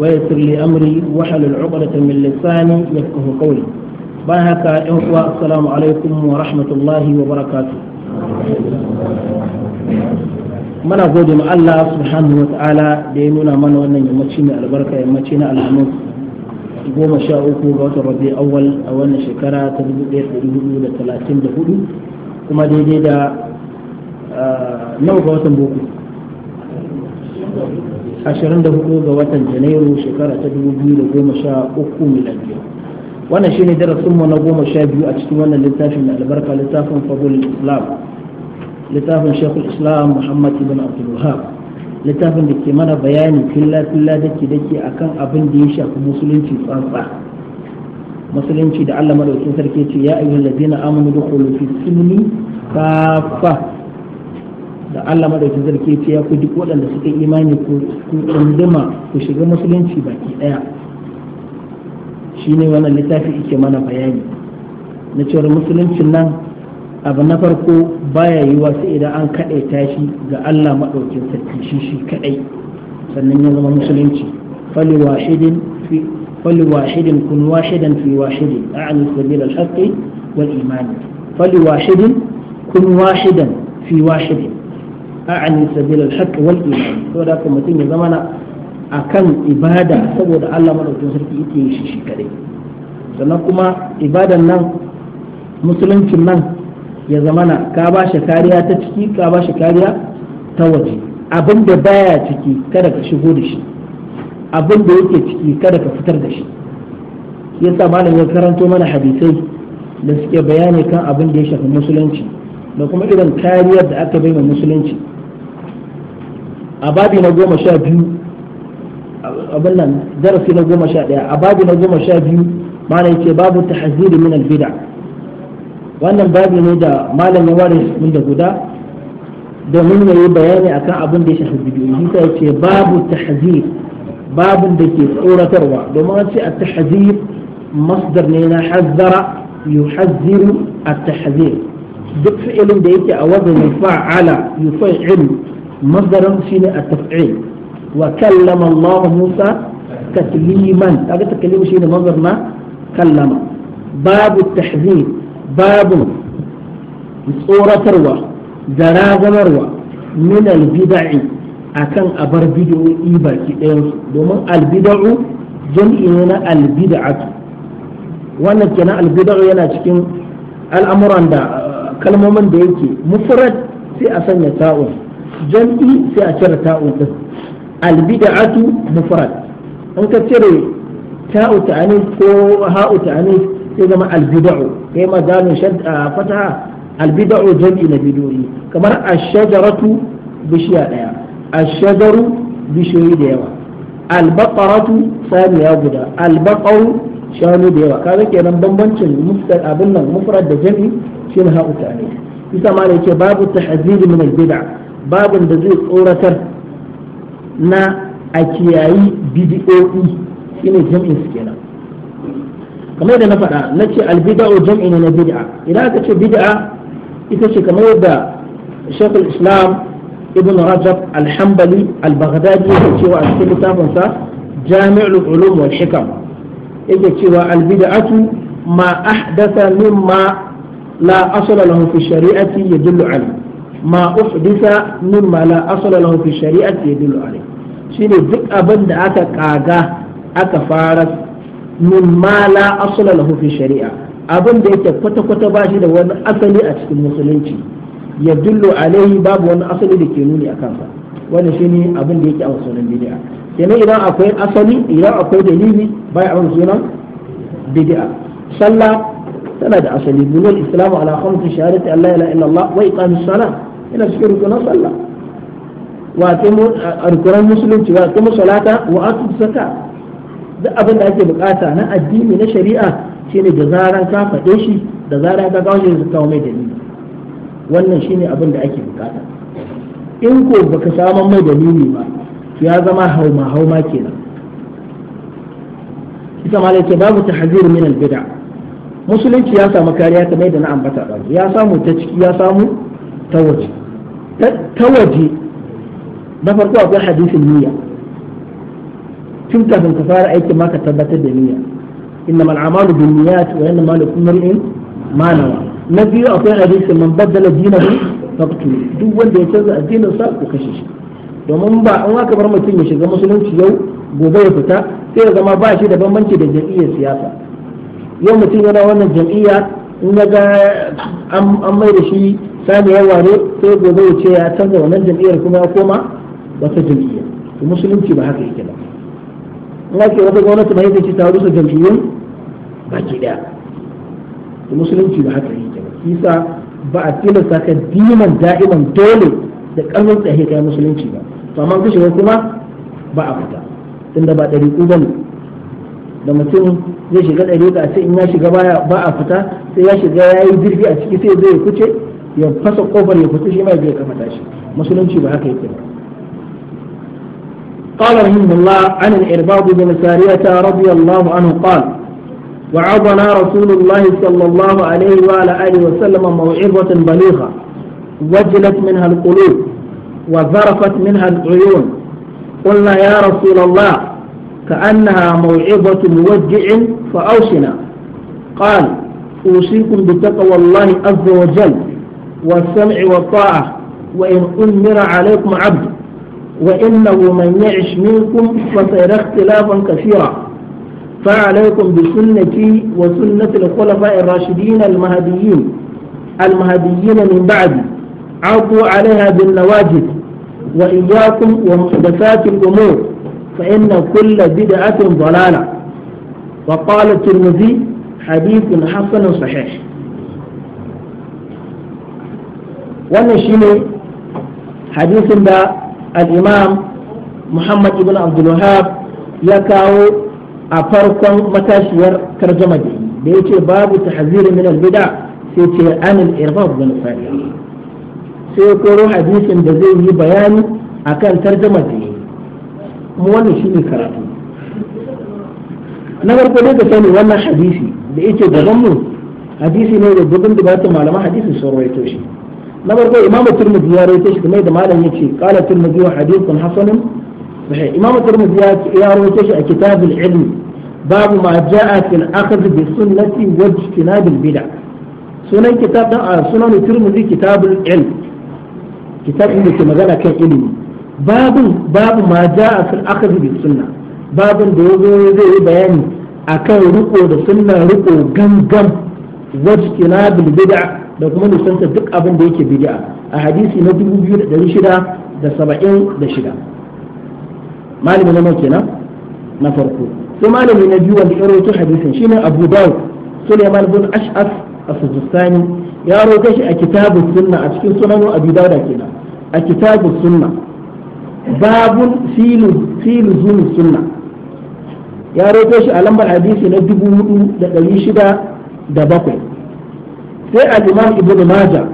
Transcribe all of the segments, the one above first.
ويسر لي أمري واحلل عقدة من لساني يفقه قولي بارك إخوة السلام عليكم ورحمة الله وبركاته من أقول الله سبحانه وتعالى ديننا من وأن يمتشين البركة يمتشين الحمد goma sha uku ga watan rabi awal a wannan shekara ta dubu ɗaya da dubu da talatin da hudu kuma daidai da nawa ga watan boko 24 ga watan janairu shekara ta 2013 miladiya wannan shine darasin mu na goma sha biyu a cikin wannan littafin albarka littafin fadlul islam littafin shekul islam muhammad ibn abdul littafin da ke mana bayani filla filla dake dake akan abin da ya shafi musulunci tsantsa musulunci da Allah madaukin sarki ce ya ayyuhal ladina amanu dukhulu fi sunni kafa da Allah madaukin zarke ce ya ku duk waɗanda suka yi imani ku tsunduma ku shiga musulunci baki ɗaya shine wannan littafi yake mana bayani na cewar musuluncin nan abu na farko baya yiwa sai idan an kaɗai tashi ga Allah madaukin sarki shi shi kaɗai sannan ya zama musulunci fali wahidin fi fali wahidin kun wahidan fi wahidin a'ani sabil al-haqqi wal iman fali wahidin kun wahidan fi wahidin a'ani sabilal haqq wal iman to da kuma mutum ya zamana akan ibada saboda Allah madaukakin sarki yake yin shi shi kadai sannan kuma ibadan nan musuluncin nan ya zamana ka ba shi kariya ta ciki ka ba shi kariya ta waje abin baya ciki kada ka shigo da shi abinda yake ciki kada ka fitar da shi yasa malam ya karanto mana hadisai da suke bayani kan abin da ya shafi musulunci da kuma irin kariyar da aka bai wa musulunci a babi na goma sha biyu abin nan darasi na goma sha ɗaya a babi na goma sha biyu mana yake babu tahziri min albida wannan babi ne da malam ya ware da guda domin ya yi bayani akan abin da ya shafi bidiyoyi sai yace babu tahzir babin da ke tsoratarwa domin an ce at masdar ne na hazzara yuhazziru at-tahzir duk fi'ilin da yake a wazan fa'ala yufailu masdarin shine at-taf'il wa kallama Allah Musa takliman kaga taklim shine masdar kallama babu tahzir babu tsoratarwa da razanarwa min al-bid'i akan abar bid'o'i baki ɗayan su domin al-bid'u jam'i ne na al-bid'atu yana cikin al'amuran da kalmomin da yake mufrad sai a sanya ta'un jam'i sai a cire ta'u din albid'atu mufrad an ka cire ta'u ta'anis ko ha'u ta'anis sai zama albid'u kai ma zamu fataha albid'u jam'i na bid'o'i kamar ash-shajaratu bishiya daya ash-shajaru bishiyoyi da yawa al-baqaratu saniya guda al-baqaru shanu da yawa kaga kenan bambancin mufrad abin nan mufrad da jam'i shine ha'u ta'anis isa ma ne yake babu tahzir min al-bid'a babin da zai tsoratar na a kiyayi bidi'o'i shine jam'in su kenan kamar da na faɗa na ce albida'u jam'i ne na bid'a idan aka ce bid'a ita ce kamar yadda shekul islam ibn rajab alhambali al-baghdadi ce cewa a cikin littafinsa jami'ul ulum wal hikam yake cewa albida'atu ma ahdatha mimma la asala lahu fi shari'ati yadullu alayhi ma uhdisa min ma la asala lahu fi shari'ati yadullu alayh shine duk abin da aka kaga aka fara min ma la asala lahu shari'a abin da yake kwata kwata ba da wani asali a cikin musulunci yadullu alayhi babu wani asali da ke nuni akan sa wannan shine abin da yake a sunan bid'a kenan idan akwai asali idan akwai dalili bai a sunan bid'a sallah tana da asali bunul islamu ala shahadati alla ilaha illallah ina cikin rukunan sallah wa mu rukunan musulunci wa mu salata wa atu zakka duk abin da ake bukata na addini na shari'a shine da zaran ka faɗe shi da zaran ka kawo shi kawo mai dalili wannan shine abin da ake bukata in ko baka samu mai dalili ba ya zama hauma hauma kenan ita ma ce babu tahzir min al bid'a musulunci ya samu kariya kamar da na ambata ɗazu ya samu ta ciki ya samu ta waje ta waje na farko akwai hadisin niyya tun kafin ka fara aikin maka tabbatar da niyya inna mal amalu bin niyyat wa inna mal kullu ma nawa na biyu akwai hadisin man baddala dinahu faqtulu duk wanda ya canza addinin sa ku kashe shi domin ba an aka bar mutum ya shiga musulunci yau gobe ya fita sai ya zama ba shi da bambanci da jam'iyyar siyasa yau mutum yana wannan jam'iyya in ga an mai da shi sami ya ware sai gobe ya ce ya canza wannan jam'iyyar kuma ya koma wata jam'iyya to musulunci ba haka yake ba in ake wata gwamnati mai ce ta rusa jam'iyyun baki daya to musulunci ba haka yake ba kisa ba a tilasta ka diman da'iman dole da karfin tsaye kai musulunci ba to amma kashewa kuma ba a fita tunda ba ɗariƙu ba ne da mutum zai shiga ɗariƙa sai in ya shiga ba a fita sai ya shiga ya yi zirfi a ciki sai zai kuce ya fasa ƙofar ya fita shi ma zai kamata shi musulunci ba haka yake ba قال رحمه الله عن الإرباب بن سارية رضي الله عنه قال وعظنا رسول الله صلى الله عليه وعلى آله وسلم موعظة بليغة وجلت منها القلوب وذرفت منها العيون قلنا يا رسول الله كأنها موعظة مودع فأوصنا قال أوصيكم بتقوى الله عز وجل والسمع والطاعة وإن أمر عليكم عبد وإنه من يعش منكم فسيرى اختلافا كثيرا فعليكم بسنتي وسنة الخلفاء الراشدين المهديين المهديين من بعدي عضوا عليها بالنواجذ وإياكم ومحدثات الأمور فإن كل بدعة ضلالة وقال الترمذي حديث حسن صحيح wannan shine hadisin da al-imam Muhammad ibn Abdulwahab ya kawo a farkon matashiyar tarjuma da da yace babu tahzir min al-bid'a sai ce an al-irdad bil sai koro hadisin da zai yi bayani akan tarjuma da kuma wannan shi ne karatu na farko dai ka sani wannan hadisi da yake gaban mu hadisi ne da dubin dubatun malaman hadisi sun rawaito shi na farko imamu turmudi ya rawaito shi kamar da malam yace qala turmudi wa hadithun hasanun sahih imamu turmudi ya rawaito shi a kitabul ilm babu ma ja'a fil akhdh bi sunnati wa ijtinab al bid'ah sunan kitab da sunan turmudi kitabul ilm kitabun da ke magana kan ilimi babun babu ma a fil aka zube sunna babun da yazo zai yi bayani akan riko da sunna riko gangan wajkina bil bid'a da kuma nisanta duk abin da yake bid'a a hadisi na 2676 malami na nawa kenan na farko sai malami na biyu wanda ya rawaito hadisin shine Abu Dawud Sulaiman bin Ash'af as sujistani ya rawaito shi a kitabu sunna a cikin sunan Abi Dawud kenan a kitabu sunna babun filu zun sunna ya roƙo shi a lambar hadisi na dubu hudu da ɗari shida da bakwai sai a imam ibn maja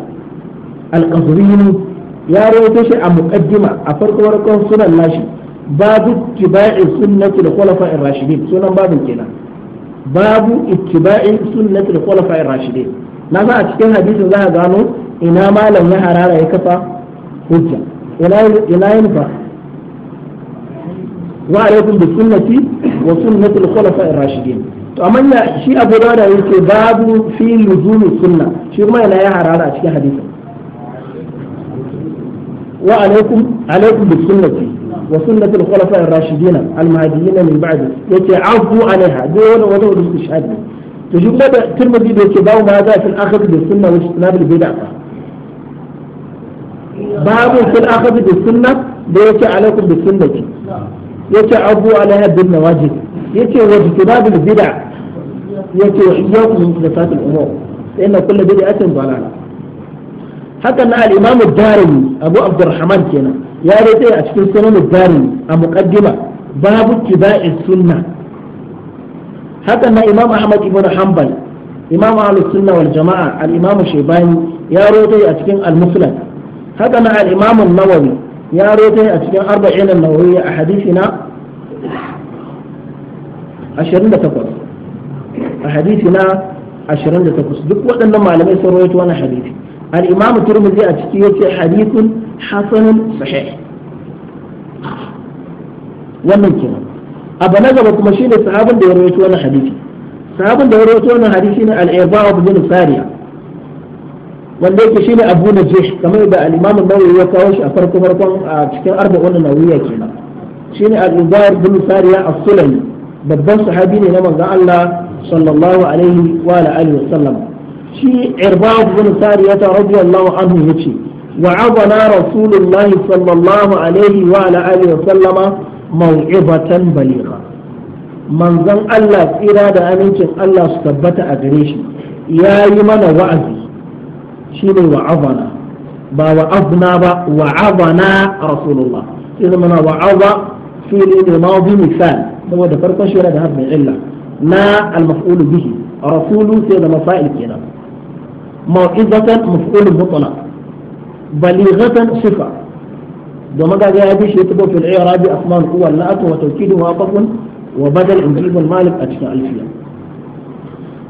al-qazwini ya roƙo shi a muqaddima a farko farkon sunan nashi babu ittiba'i sunnati da khulafa'i rashidin sunan babin kenan babu ittiba'i sunnati da khulafa'i rashidin na za a cikin hadisin za a gano ina malam ya harara kafa hujja ina yin fa wa alaikum bi sunnati wa sunnati al-khulafa ar-rashidin to amma ya shi Abu Dawud yake babu fi luzumi sunna shi kuma yana ya harara a cikin hadisi wa alaikum alaikum bi sunnati wa sunnati al-khulafa ar-rashidin al-mahdiyyin min ba'di yace afu alaiha dai wani wani wani su shahadi to yake babu ma babu da yake yace abu alaiha bin nawajid yace wajtinabil bid'a yace wa iyyakum min muhdathatil umur fa inna kulla bid'atin dalalah haka na al-imam ad-darimi abu abdurrahman kenan ya rete a cikin sunan ad-darimi a muqaddima babu tibai sunna haka na imam ahmad ibn hanbal imam ahlus sunna wal jamaa al-imam shaybani ya rete a cikin al-musnad haka na al-imam an-nawawi ya rote a cikin arba'in an-nawawi a hadisi na 28 a hadisi na 28 duk waɗannan malamai sun rawaito wannan hadisi al-imam turmizi a ciki yace hadithun hasanun sahih wannan kenan abu na gaba kuma shine sahabin da ya rawaito wannan hadisi sahabin da ya rawaito wannan hadisi ne al-irba'u bin sariya wanda yake shine abu na jish kamar da al-imam nawawi ya kawo shi a farko farkon a cikin arba'un nawawiya kenan shine al-ubayd bin sariya as-sulami babban sahabi ne na manzon Allah sallallahu alaihi wa alihi sallam shi irbad bin sariya ta radiyallahu anhu yace وعظنا رسول الله صلى الله عليه وعلى آله وسلم موعظة بليغة من ظن الله إرادة أمين الله استبت أدريش يا يمن وعزي shi ne wa'azana ba wa'azna ba wa'azana rasulullah sai zama na wa'aza fili ne ma'azi misal saboda farkon shi da harfin illa na al-maf'ulu bihi rasulu sai zama fa'il kenan mau'izatan maf'ulun mutlaq balighatan sifa domin ga ya bi shi tubo fil i'rabi asma'ul quwwa la'atu wa tawkidu wa qafun wa badal injibul malik a cikin alfiya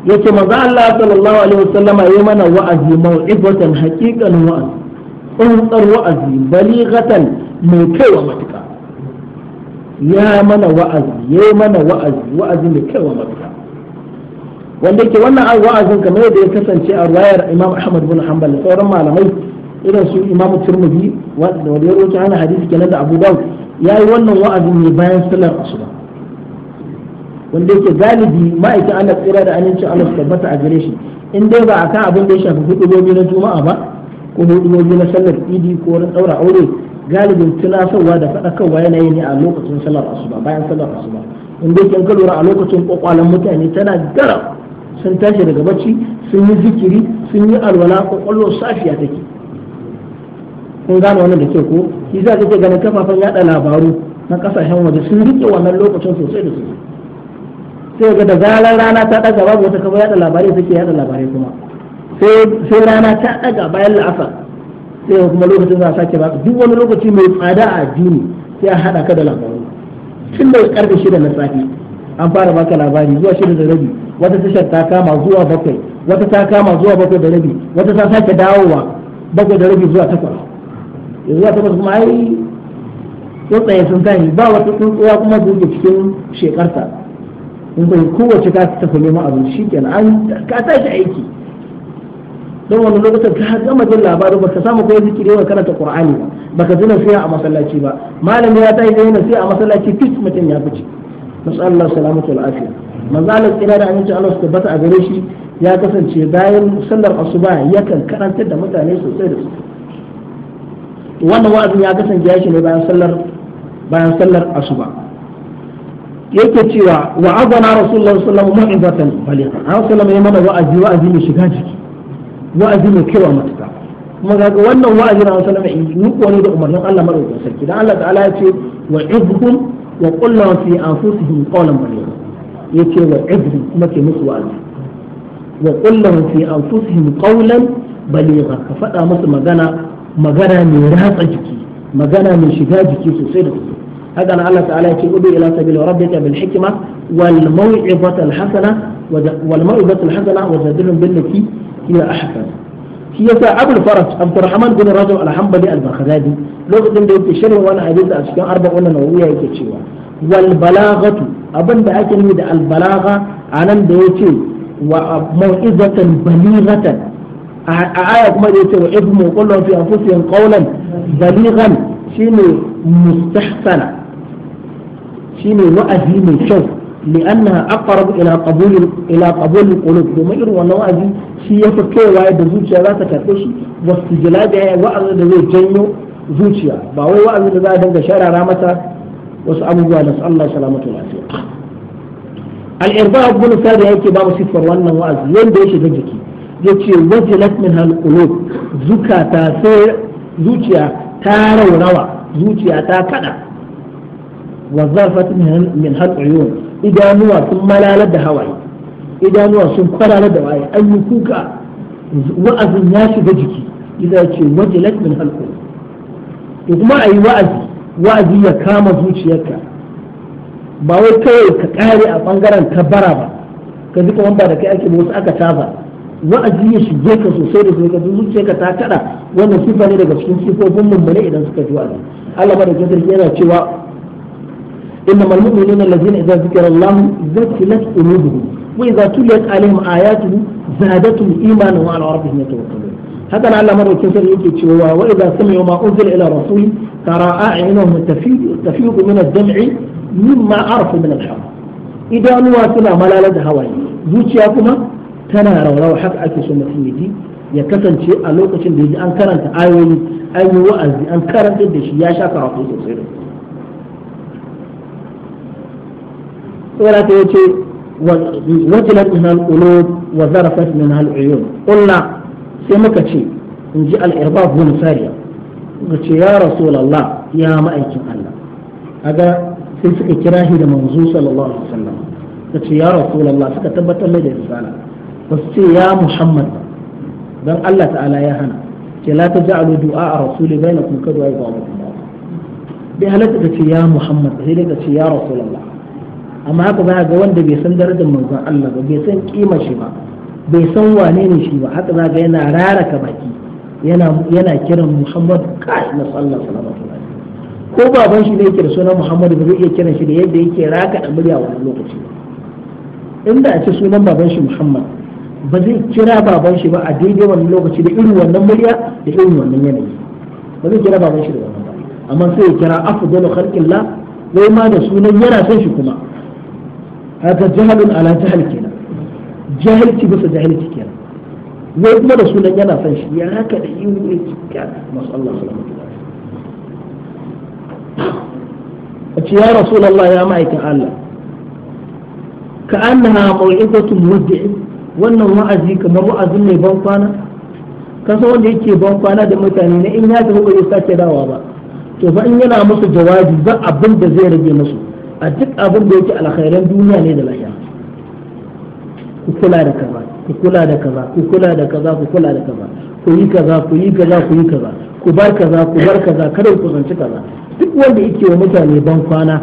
yace manzo Allah sallallahu alaihi wasallama yayi mana wa'azi mau'izatan haqiqan wa'azi tsantsar wa'azi balighatan mai kaiwa matuka ya mana wa'azi yayi mana wa'azi wa'azi mai kaiwa matuka wanda ke wannan wa'azin kamar yadda ya kasance a ruwayar Imam Ahmad bin Hanbal da sauran malamai irin su Imam Tirmidhi wanda ya roki ana hadisi kenan da Abu Dawud yayi wannan wa'azi ne bayan sallar asuba wanda yake galibi ma'aikin Allah tsira da amincin Allah su tabbata a gare shi in dai ba a kan abin da ya shafi hudubobi na juma'a ba ko hudubobi na sallar idi ko wani daura aure galibin tunasarwa da faɗakarwa yana yi ne a lokacin sallar asuba bayan sallar asuba in dai kin kalura a lokacin kwakwalan mutane tana gara sun tashi daga bacci sun yi zikiri sun yi alwala kwakwalwar safiya take kun gane wannan da ke ko shi za ka ganin kafafen yada labaru na kasashen waje sun rike wannan lokacin sosai da sosai sai ga da zarar rana ta daga babu wata kafa yada labarai suke yada labarai kuma sai rana ta daga bayan la'asar sai kuma lokacin za a sake ba duk wani lokaci mai tsada a addini sai a hada ka da labaru tun daga karfe shida na safe an fara baka labari zuwa shida da rabi wata tashar ta kama zuwa bakwai wata ta kama zuwa bakwai da rabi wata ta sake dawowa bakwai da rabi zuwa takwas zuwa takwas kuma ai tsotsaye sun kai ba wata tsuntsuwa kuma zuke cikin shekarta in kai kowace ka tafi neman abinci shi an ka tashi aiki don wani lokacin ka gama jin labarin baka samu kai zikiri wa karanta qur'ani ba baka zina siya a masallaci ba malami ya da yana sai a masallaci fit mutum ya fice nasallallahu salamatu wal afiya manzo Allah tsira da aminci Allah su tabbata a gare shi ya kasance bayan sallar asuba yakan karantar da mutane sosai da sosai wannan wa'azin ya kasance ya shi ne bayan sallar bayan sallar asuba yake cewa wa agwana rasulullah sallallahu alaihi wasallam baliqa an sallama ya mana wa'azi wa'azi mai shiga jiki wa'azi mai kaiwa matuka kuma ga wannan wa'azi na sallama ni ko ne da umarnin Allah madaukakin sarki dan Allah ta'ala ya ce wa ibhum wa qul lahum fi anfusihim qawlan baliqa yace wa ibhum kuma ke musu wa'azi wa qul lahum fi anfusihim qawlan baliqa ka faɗa musu magana magana mai ratsa jiki magana mai shiga jiki sosai da sosai haka nan Allah ta'ala yake udu ila sabil rabbika bil hikma wal mau'izati al hasana wal mau'izati al hasana wa jadilhum bil lati hiya ahsan shi yasa Abdul Faraj Abdurrahman bin Rajab al-Hanbali al lokacin da yake shirin wani hadisi a cikin arba'un nawawiya yake cewa wal balagatu da ake yi da albalaga anan da yake wa mau'izatan balighatan aya kuma da yake wa ibnu qullu fi anfusihim shine mustahsana shine wa'azi mai kyau li'annaha aqrab ila qabul ila qabul qulub domin irin wannan wa'azi shi ya fi kaiwa da zuciya za ta karɓe shi wastijla da ya wa'azi da zai janyo zuciya ba wai wa'azi da za a dinga sharara masa wasu abubuwa da su Allah salamatu lafiya al-irba ibn sa'd yake ba mu sifar wannan wa'azi yanda ya shiga jiki yace wajilat min al-qulub zukata zuciya ta raurawa zuciya ta kada wa zafat min hal uyun idanuwa sun malalar da hawaye idanuwa sun kwararar da waye an yi kuka wa'azin ya shiga jiki idan ce wajilat min hal uyun kuma ayi wa'azi wa'azi ya kama zuciyarka ba wai kawai ka kare a bangaren kabara ba ka ji ba da kai ake wasu aka taba wa'azi ya shige ka sosai da sosai kafin zuciyarka ta tada wannan sifa ne daga cikin sifofin mummuni idan suka ji wa'azi Allah ba da jinsar yana cewa inna malmumi ne na lazina idan zikira Allah zafilat ulubu wa idan tuliyat alim ayatu zadatu iman wa ala rabbihim yatawakkalu haka na Allah mara kinsar yake cewa wa idan sami ma unzil ila rasul tara a'inuhum tafidu tafidu min ad-dam'i mimma arafu min al-hawa idanuwa suna malalar da hawaye zuciya kuma tana raurawa haka ake so mutum ya ji ya kasance a lokacin da ya ji an karanta ayoyi an yi wa'azi an karanta da shi ya sha karatu sosai da su. yana ta yace wajilat min al-qulub wa zarafat min al-uyun qulna sai muka ce in ji al-irbab bin sariya muka ce ya rasulullah ya ma'aikin Allah kaga sai suka kira shi da manzo sallallahu alaihi wasallam ta ce ya rasulullah suka tabbatar da risala ba su ce ya muhammad don Allah ta'ala ya hana ke la ta ja'alu du'a a rasuli bai na kuka du'a ba abu bai halatta ka ce ya muhammad sai dai ka ce ya rasulallah amma haka ba ga wanda bai san darajar manzon Allah ba bai san kima shi ba bai san wane ne shi ba haka za ga yana raraka baki yana kiran muhammad kai na sallallahu alaihi wasallam ko baban shi ne yake da sunan Muhammadu ba zai iya kiran shi da yadda yake raka da murya wani lokaci inda a ce sunan baban shi Muhammad ba zai kira baban shi ba a daidai wannan lokaci da irin wannan murya da irin wannan yanayi ba zai kira baban shi da wannan ba amma sai ya kira afdalu khalqillah wai ma da sunan yana son shi kuma haka jahalun ala jahal kenan jahalci bisa jahalci kenan wai kuma da sunan yana son shi ya haka da yi wuri cikin masu Allah salamatu a ce ya rasulullah ya ma'aikin Allah ka annaha mau'izatu mudda'i wannan wa'azi kamar wa'azin mai ban kwana kasa wanda yake ban kwana da mutane na in ya tafi ba zai sake dawa ba to fa in yana musu jawabi ba abin da zai rage musu a duk abin da yake alkhairan duniya ne da lahira ku kula da kaza ku kula da kaza ku kula da kaza ku kula da kaza ku yi kaza ku yi kaza ku yi kaza ku bar kaza ku bar kaza kada ku zanci kaza duk wanda yake wa mutane ban kwana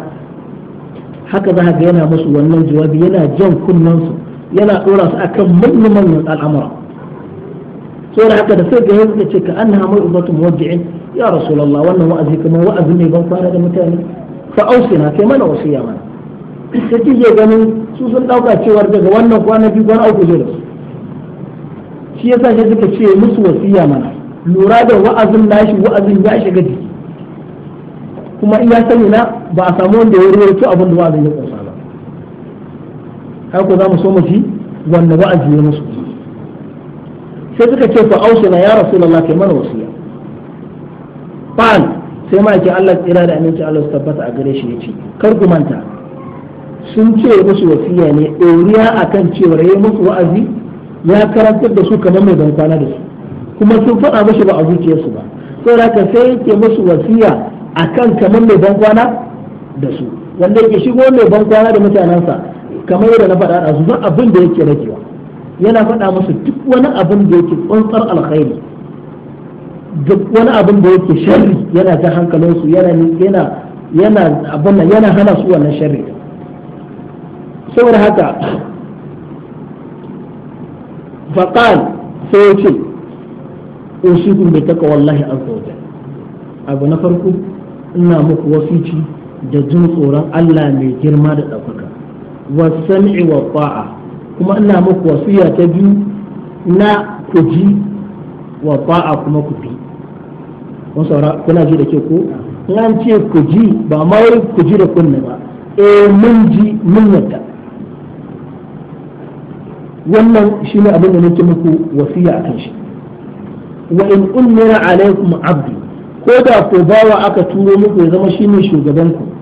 haka za ga yana musu wannan jawabi yana jan kunnansu su yana ɗora su akan manyan manyan al'amura saboda haka da sai ga yau suka ce ka an na mai ubatu muwajji'in ya rasulullah wannan wa'azi kamar wa'azi ne ban fara da mutane fa ausina kai mana wasiya mana sai kike ganin su sun dauka cewar daga wannan kwana biyu kwana uku zai da su shi yasa sai suka ce musu wasiya mana lura da wa'azin nashi wa'azin ya shiga jiki kuma iya sani na ba a samu wanda ya rubuta abin da wa'azin ya ba. har ko za mu so mu ji wanda ba a jiye musu sai suka ce fa ausina ya rasulullah ke mana wasiya qal sai ma yake Allah tsira da aminci Allah su tabbata a gare shi yace kar ku manta sun ce musu wasiya ne ɗoriya akan cewa yi musu wa'azi ya karantar da su kamar mai ban kwana da su kuma sun faɗa mashi ba a zuciyarsu ba sai da haka sai yake musu wasiya akan kamar mai ban kwana da su wanda yake shigo mai ban kwana da mutanensa kamar yadda na faɗa da su ba abin da yake rakewa yana faɗa musu duk wani abin da yake tsantsar alkhairi duk wani abin da yake sharri yana ga hankalinsu yana yana yana abin nan yana hana su wannan sharri saboda haka faqal sai yace ce usikum bi wallahi azza abu na farko ina muku wasici da jin tsoron Allah mai girma da ɗaukaka wasan'i wa ta'a kuma ina muku wasiya ta biyu na ku ji wa ta'a kuma ku bi kun saura kuna ji da ke ko na ce ku ji ba ma wai ku ji da kunna ba eh mun ji mun yadda wannan shi ne abin da nake muku wasiya a kan shi wa in ummira alaikum abdi ko da ko bawa aka turo muku ya zama shine shugabanku ku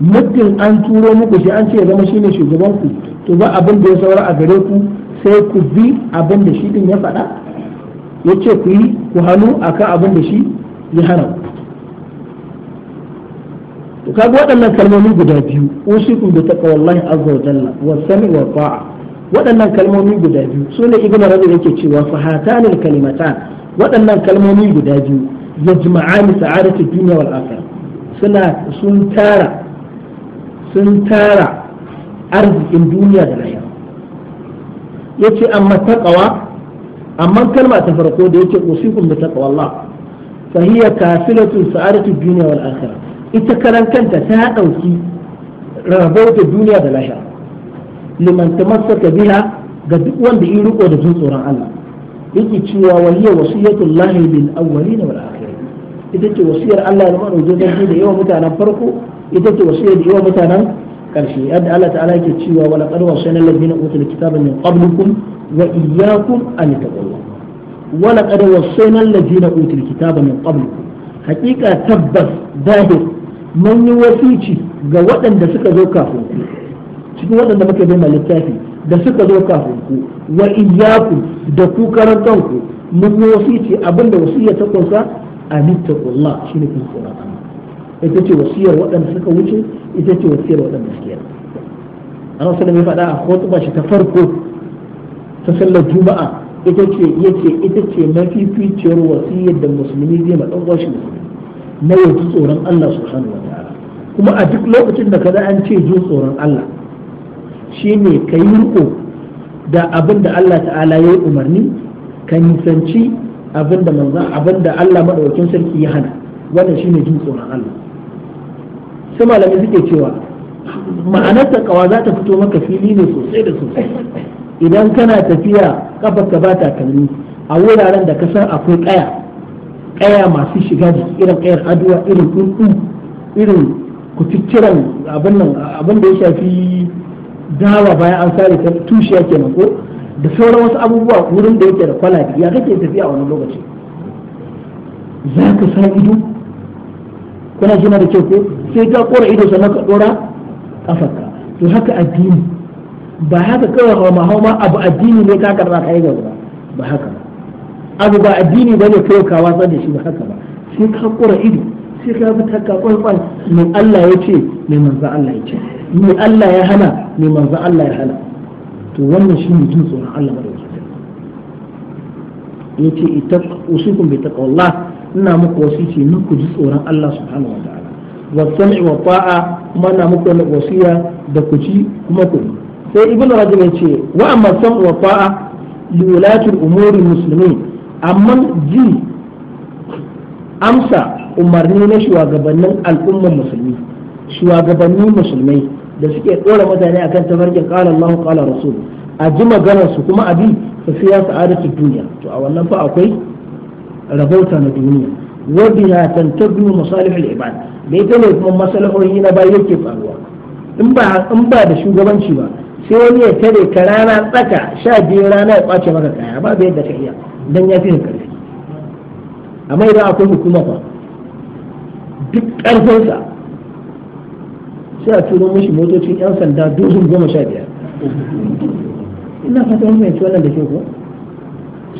muddin an turo muku shi an ce ya zama shine shugaban ku to ba abin da ya saura a gare ku sai ku bi abin da shi din ya faɗa ya ce ku yi ku hannu akan abin da shi ya hana ku to kaga waɗannan kalmomi guda biyu usikum bi taqwallahi azza wa jalla wa sami wa ta'a waɗannan kalmomi guda biyu su ne ibnu rabi yake cewa fa hatanil kalimatan waɗannan kalmomi guda biyu yajma'ani sa'adatu dunya wal akhirah suna sun tara sun tara arzikin duniya da lahira "An amma taqwa amma kalma ta farko da yake usikum da taqwallah fa hiya kafilatun sa'adatun dunya wal akhirah ita karan kanta ta ɗauki rabauta duniya da lahira liman tamassaka biha ga duk wanda in riko da jin tsoron Allah yake cewa wa hiya wasiyatu llahi awwalin wal akhirin ita ce wasiyar Allah ya mana wajen da yawan mutanen farko ita ce wasiyar da yawa mutanen karshe yadda Allah ta'ala yake cewa wala qad wasayna alladhina utul kitaba min qablikum wa iyyakum an taqullu wala qad wasayna alladhina utul kitaba min qablikum hakika tabbas zahir mun yi wasici ga waɗanda suka zo kafin ku cikin waɗanda muka bai littafi da suka zo kafin ku wa iyyakum da ku karantanku mun yi wasici abinda wasiyya ta kunsa an taqullu shine kun tsoron ita ce wasiyar waɗanda suka wuce ita ce wasiyar waɗanda suke yanzu annabi sallallahu mai faɗa a khutba shi ta farko ta sallar juma'a ita ce yace ita ce mafificiyar wasiyar da musulmi zai ma dan shi na yanzu tsoron Allah su subhanahu wataala kuma a duk lokacin da kaza an ce jin tsoron Allah shi ne ka yi riko da abin da Allah ta'ala ya yi umarni ka nisanci abin da manzan abin da Allah maɗaukin sarki ya hana wannan ne jin tsoron Allah sai malamai suke cewa ma'anar takawa za ta fito maka fili ne sosai da sosai idan kana tafiya kafarka ba ta kalmi a wuraren da ka san akwai kaya kaya masu shiga jiki irin kayar aduwa irin tsuntsu irin kututturan abin da ya shafi dawa bayan an sare ta tushiya kenan ko da sauran wasu abubuwa wurin da yake da kwalabi ya kake tafiya a wani lokaci za ka sa ido kana jina da kyau ko sai ka kora ido sannan ka dora kafarka to haka addini ba haka kawai hauma hauma abu addini ne ka karba ka yi ba haka abu ba addini ne kawai ka watsar da shi ba haka ba sai ka kora ido sai ka bi kwan kwan mai Allah ya ce mai manza Allah ya ce mai Allah ya hana mai manzo Allah ya hana to wannan shi ne jin tsoron Allah ya ce ita bai bi taqwallah ina muku wasici na ku ji tsoron Allah subhanahu wa ta'ala wa sam'i wa kuma ina muku wani wasiya da ku ci kuma ku sai ibn ya ce wa amma sam'u wa ta'a li ulati umuri muslimin amma ji amsa umarni na shugabannin al'ummar musulmi shugabanni musulmai da suke dora mutane akan tafarkin qala Allah qala rasul a ji maganar su kuma abi fa fiya sa'adatu duniya to a wannan fa akwai rabauta na duniya wa biha tantabiyu masalihul ibad da ita ne kuma masalahohi na bai yake faruwa in ba in ba da shugabanci ba sai wani ya tare ka rana tsaka sha biyu rana ya kwace maka kaya ba bai yadda ka iya dan ya fi karfi amma idan akwai hukuma fa duk karfinsa sai a turo mishi motocin yan sanda dozin goma sha biyar ina fata mun fahimci nan da ke ko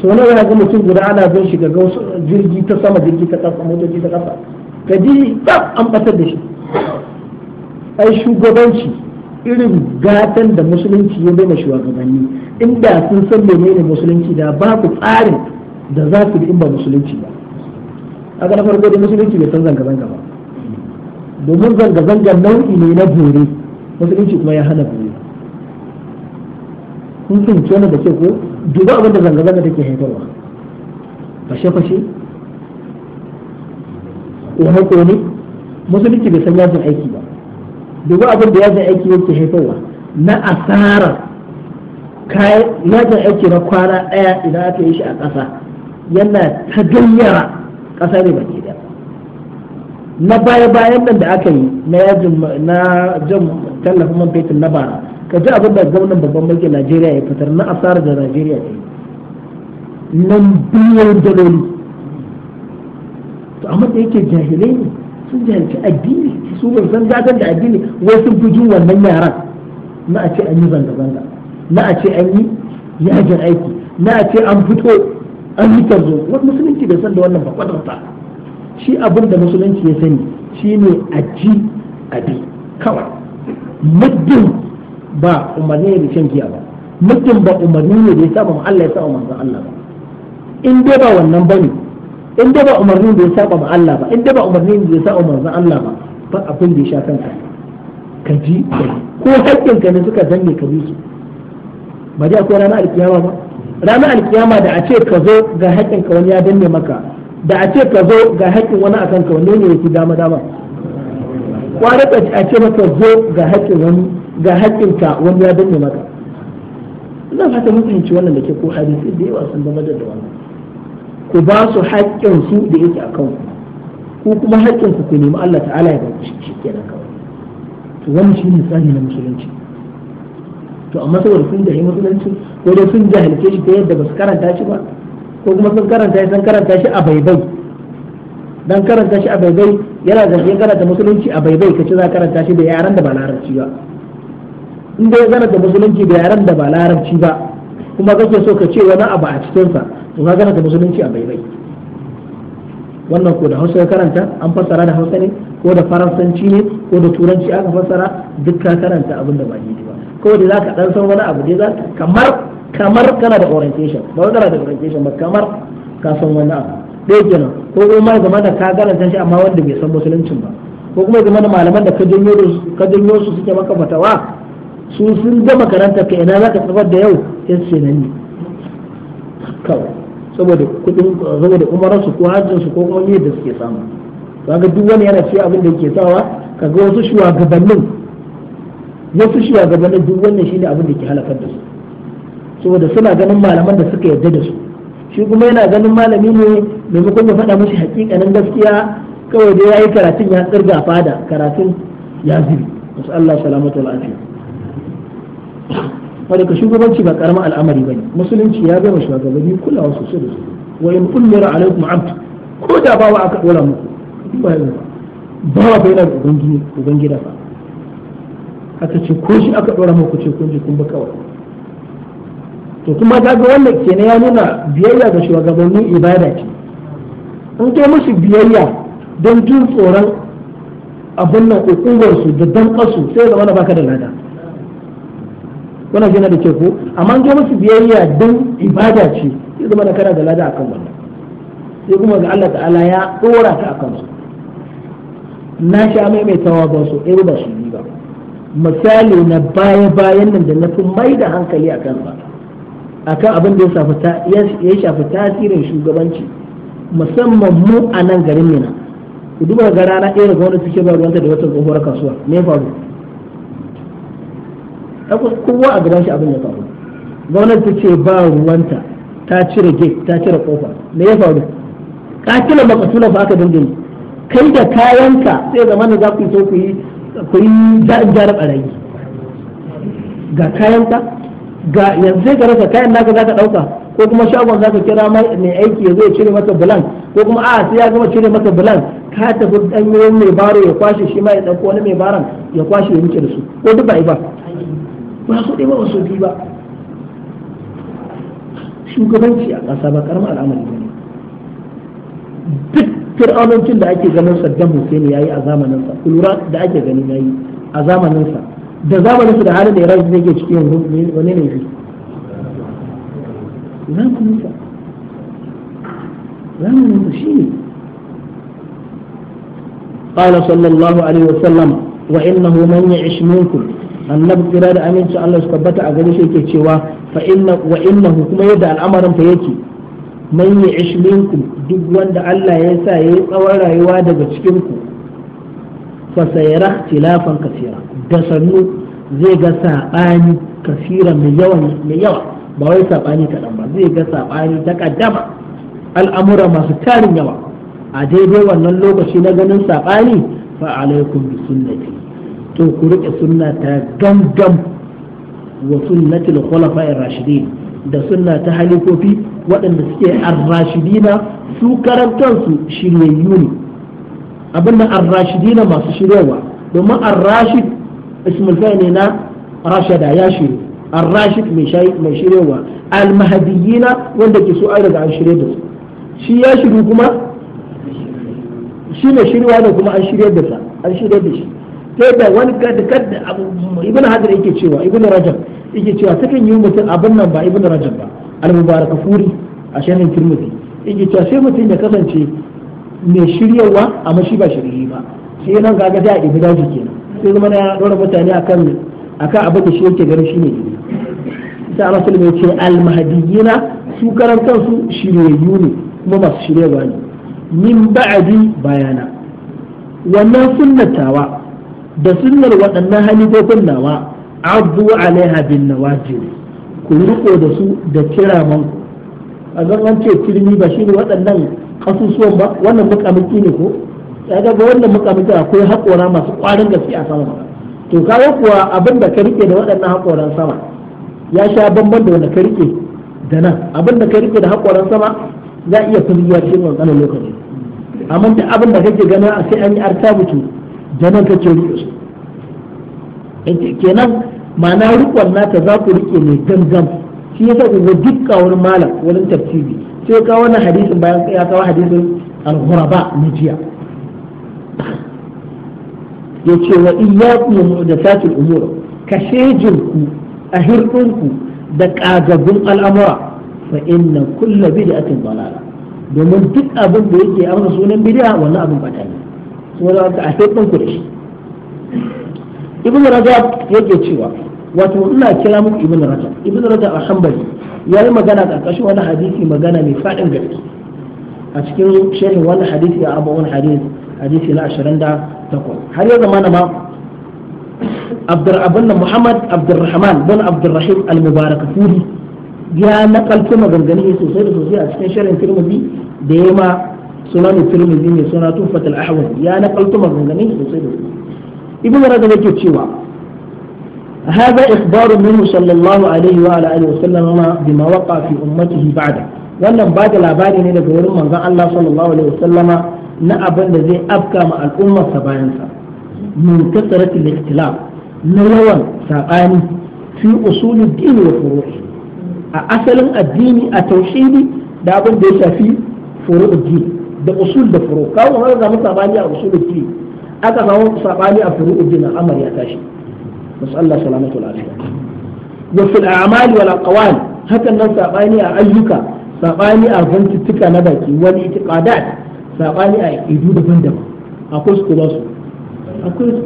so ne yana ga mutum guda ana bin shi ga jirgi ta sama jirgi ta kasa motoci ta kasa ka ji tsaf an batar da shi ai shugabanci irin gatan da musulunci ya bai shugabanni inda sun san menene musulunci da ba ku tsarin da za su in ba musulunci ba aka na farko da musulunci bai san zanga-zanga ba domin zanga-zanga nau'i ne na bore musulunci kuma ya hana bore kun fahimci wannan da ke ko duba abin da zanga-zanga take haifarwa fashe-fashe kone-kone musulunci bai san yajin aiki ba duba abin da yajin aiki yake haifarwa na asara yajin aiki na kwana ɗaya idan aka yi shi a ƙasa yana ta gayyara ƙasa ne baki da na baya-bayan nan da aka yi na yajin na jan tallafin man fetur na bara ka ji abin da gwamnan babban mulkin Najeriya ya fitar na asarar da Najeriya ta yi nan da daloli to amma da yake jahilai ne sun jahilci addini su ban san zagar da addini wai sun fi jin wannan yaran na a ce an yi zanga-zanga na a ce an yi yajin aiki na a ce an fito an yi tarzo wani musulunci bai san da wannan ba kwatanta shi abin da musulunci ya sani ne a ji a bi kawai muddin ba umarni ne da shan giya ba mutum ba umarni ne da ya saba ma Allah ya saba manzon Allah ba in dai ba wannan bane in dai ba umarni da ya saba ma Allah ba in dai ba umarni da ya saba manzon Allah ba ba abin da ya sha kanka ka ji ko haƙƙin ka ne suka zanne ka bi su ba dai akwai ranar alkiyama ba ranar alkiyama da a ce ka zo ga haƙƙin ka wani ya danne maka da a ce ka zo ga haƙƙin wani akan ka wani ne yake dama dama kwarai a ce maka zo ga haƙƙin wani ga haƙƙinka wani ya danne maka zan fata mun fahimci wannan da ke ko hadisi da yawa sun zama da wannan ku ba su haƙƙin su da yake a kanku ku kuma haƙƙin ku nemi Allah ta'ala ya baki shi kenan kawai to wannan shine tsari na musulunci to amma saboda sun jahi musulunci ko dai sun jahilce shi ta yadda ba su karanta shi ba ko kuma sun karanta shi sun karanta shi a baibai dan karanta shi a baibai yana da karanta musulunci a baibai kace za karanta shi da yaran da ba larabci ba in dai zana da musulunci da yaren da ba larabci ba kuma kake so ka ce wani abu a cikinsa to ka zana da musulunci a bai bai wannan ko da hausa ya karanta an fassara da hausa ne ko da faransanci ne ko da turanci aka fassara duk ka karanta abin da ba daidai ba kawai da zaka dan san wani abu dai za kamar kamar kana da orientation ba kana da orientation ba kamar ka san wani abu dai kenan ko kuma zama da ka karanta shi amma wanda bai san musuluncin ba ko kuma zama da malaman da ka janyo su suke maka fatawa su sun ga karanta ka ina zaka ka da yau ya ce nan ne kawai saboda kudin saboda su ko su ko kuma yadda suke samu kaga duk wani yana ce abin da yake sawa kaga wasu shugabannin wasu shugabannin duk wannan shine abin da ke halakar da su saboda suna ganin malaman da suka yarda da su shi kuma yana ganin malami ne maimakon ya faɗa mashi hakikanin gaskiya kawai dai ya yi karatun ya tsirga fada karatun ya zubi masu Allah salamatu lafiya wadda ka shugabanci ba karamar al'amari ba ne musulunci ya gama shugabanni kulawa sosai da su wa in ummira alaikum abd ko da bawa aka dora muku ba bawa bai da ubangida ba aka ce ko shi aka dora muku ce kun ji kun ba kawai to kuma ta ga wannan kenan ya nuna biyayya ga shugabanni ibada ce in kai musu biyayya don jin tsoron abin nan ukubar su da dan kasu sai da wani baka da lada kuna gina da ke ko amma ga musu biyayya don ibada ce sai zama da kana da lada akan wannan sai kuma ga Allah ta'ala ya dora ta akan su na sha maimaitawa ba su ɗaya ba su yi ba misali na baya bayan nan da na fi mai da hankali a kansa akan abin da ya shafi tasirin shugabanci musamman mu a nan garin mina ku duba ga rana ɗaya daga wani suke ba ruwanta da wata tsohuwar kasuwa ne faru takwas kowa a gaban shi abin ya faru gwamnati ta ce ba ruwanta ta cire gate ta cire kofa me ya faru katilan makasula fa aka dinga kai da kayanka sai zama da za ku so ku yi ku yi jarar barayi ga kayanka ga yanzu sai ka rasa kayan naka za ka ɗauka ko kuma shagon za ka kira mai aiki ya zo ya cire maka bulan ko kuma a sai ya gama cire maka bulan ka tafi ɗanyen mai baro ya kwashe shi ma ya ɗauko wani mai baron ya kwashe ya wuce da su ko duk ba ba ba su kuɗi ba wasu bi ba shugabanci a ƙasa ba karamar al'amari ba ne duk fir'aunancin da ake ganin saddam hussein ya yi a zamaninsa kulura da ake ganin ya yi a zamaninsa da zamaninsa da halin da iran zai ke cikin yanzu wani ne shi zamaninsa zamaninsa shi ne قال صلى الله عليه وسلم وإنه من يعش منكم annabi kira da aminci Allah su tabbata a gari shi yake cewa fa inna wa innahu kuma yadda al'amarin fa yake man ya'ish duk wanda Allah ya sa yayi tsawon rayuwa daga cikin ku fa sayara tilafan kasira da sannu zai ga sabani kasira mai yawa mai yawa ba wai sabani kaɗan ba zai ga sabani ta kaddama al'amura masu tarin yawa a daidai wannan lokaci na ganin sabani fa alaikum bi to ku riƙe sunna ta gangan wa sunnatul khulafa'ir rashidin da sunna ta halikofi waɗanda suke ar-rashidina su karantansu shiryayyu ne abinda ar-rashidina masu shiryawa domin ar-rashid ismul ne na rashada ya shiru ar-rashid mai shiryawa al-mahdiyina wanda ke so ai daga an shirye da su shi ya shiru kuma shi ne kuma an shirye da sa an shirye da shi ta da wani da abu ibn hajar yake cewa ibn rajab yake cewa takan yi mutum abin nan ba ibn rajab ba al-mubaraka furi a sharhin tirmidhi yake cewa sai mutum ya kasance mai shiryawa amma shi ba shirye ba sai nan kaga da ibi daji kenan sai zama na dora mutane akan akan abin da shi yake gani shine ne sai Allah sulaiman ya ce al-mahdiyina su karan kansu shiryayyu ne kuma masu shiryawa ne min ba'di bayana wannan sunnatawa da sunnar waɗannan halibobin nawa abu alaiha bin nawajiri ku riko da su da man ku a zan ce kirmi ba shine waɗannan kasusuwan ba wannan mukamiki ne ko ya ga wannan mukamiki akwai haƙora masu ƙwarin gaske a sama to kawo kuwa abin da ka rike da waɗannan haƙoran sama ya sha bambam da wanda ka rike da nan abin da ka rike da haƙoran sama za a iya firgiya cikin wankanin lokaci amma da abin da kake gana a sai an yi mutum da nan kake su eh, kenan ma'ana rikon nata za ku rike ne gangan shi ya ku ga dukkan wani malam wani tafsiri sai ka wani hadisin bayan ya kawo hadisin al na jiya yace wa iyyakum muhdathatil umur kashejin ku ahirdin ku da ƙagagun al'amura fa inna kullu bid'atin dalala domin duk abin da yake amsa sunan bidiya wannan abin bata ne sun zama ka a haifin ku da shi ibn rajab yake cewa wato ina kira muku ibn rajab ibn rajab a hanbali ya yi magana karkashin wani hadisi magana mai fadin gaske a cikin shirin wani hadisi a abubuwan hadisi hadisi na ashirin da takwas har ya zama na ma abdurrahman muhammad abdurrahman bin abdurrahim al-mubarak furi ya nakalto maganganun sosai da sosai a cikin shirin tirmidhi da ya ma sunan tirmidhi ne suna tufatul ahwal ya nakalto maganganun sosai da sosai ibnu rajab yake cewa هذا إخبار منه صلى الله عليه وعلى آله وسلم بما وقع في أمته بعده wannan ba da labari ne daga wurin manzon Allah sallallahu alaihi wasallama na abin da zai afka ma sa al'ummarsa bayansa min kasarati al-ikhtilaf na yawan sabani fi usuli din wa furu'i a asalin addini a tauhidi da abin da ya shafi furu'i da usul da furu kawo har zama sabani a usul fi aka samu sabani a furu din al'amar ya tashi masu Allah salamatu lafiya wa fil a'mali wal aqwal hakan nan sabani a ayyuka sabani a zantuttuka na baki wal itiqadat sabani a idu daban-daban akwai su kula su akwai su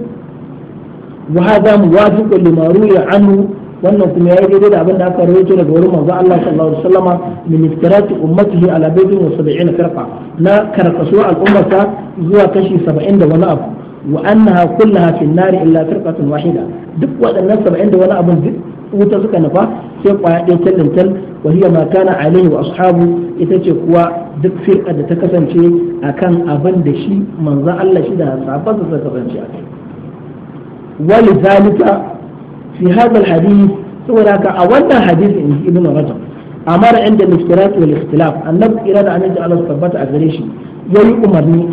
wa hada muwafiqun lima ruya anhu wannan kuma ya yi daidai da abin da aka rawaito daga wurin manzo Allah sallallahu alaihi wasallama min iftirati ummatihi ala baitin wa sab'ina firqa na karkasuwa al'ummata zuwa kashi 70 da wani abu wa annaha kullaha fi nari illa firqatun wahida duk waɗannan 70 da wani abu duk wuta suka nafa sai kwaya ɗaya tallintal wa hiya ma kana alaihi wa ashabu ita ce kuwa duk firqa da ta kasance akan abin da shi manzo Allah shi da sahabbansa suka kasance akai ولذلك fi hadha saboda haka a wannan hadisin ibn rajab amara inda al-iftiraq wal ikhtilaf annabi tabbata a gare shi yayi umarni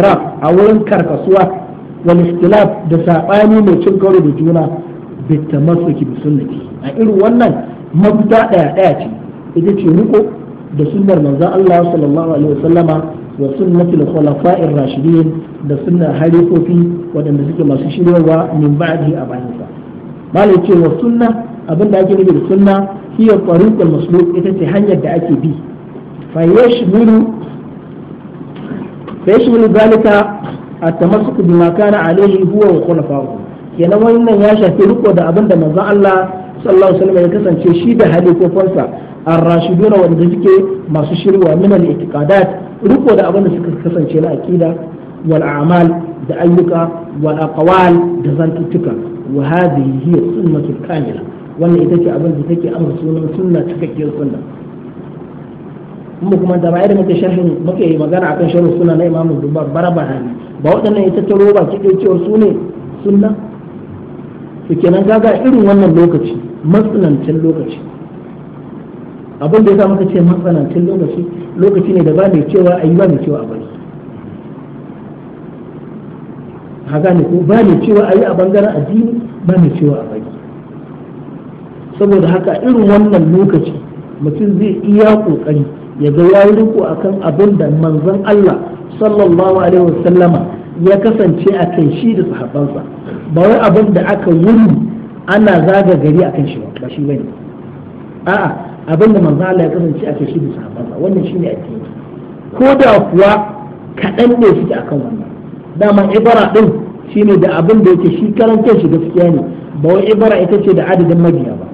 a wurin karkasuwa da mai cin karo da juna bitamassuki bi sunnati a irin wannan mafita daya daya ce ita ce da sunnar manzo Allah sallallahu alaihi wasallama wa khulafa'ir rashidin da sunnar halifofi waɗanda suke masu shiryawa min ba'di a bayansa malam ce wa sunna abin da ake nufi da sunna faru da masluk ita ce hanyar da ake bi fa yashmulu fa yashmulu zalika at-tamassuk bima kana alayhi huwa wa kenan wannan ya shafi riko da abin da Allah sallallahu alaihi wasallam ya kasance shi da halifofansa ar-rashiduna wanda suke masu shirwa min al-i'tiqadat riko da abin da suka kasance na aqida wal a'mal da ayyuka wal aqwal da zantuttuka wa hadhihi hiya sunnatul kamila wannan ita ce abin da take amsa sunan sunna cikakkiyar sunna kuma kuma da bayar muke sharhin muke magana akan sharhin sunna na imamu dubbar barabahani ba waɗannan ita ta roba ki cewa cewar su ne sunna to kenan gaga irin wannan lokaci matsanancin lokaci abin da ya sa muka ce matsanancin lokaci lokaci ne da ba mai cewa a yi ba mai cewa a bari ka gane ko ba ne cewa ayi a bangaren addini ba ne cewa a baki saboda haka irin wannan lokaci mutum zai iya kokari ya ga ya yi riko akan abin da manzon Allah sallallahu alaihi wasallama ya kasance a kan shi da sahabbansa ba wai abin da aka wuri ana zaga gari kan shi ba shi bane a'a abin da manzon Allah ya kasance a kan shi da sahabbansa wannan shine addini ko da kuwa kaɗan ne suke akan wannan dama ibara din shine da abin da yake shi karan kanshi gaskiya ne ba wai ibara ita ce da adadin mabiya ba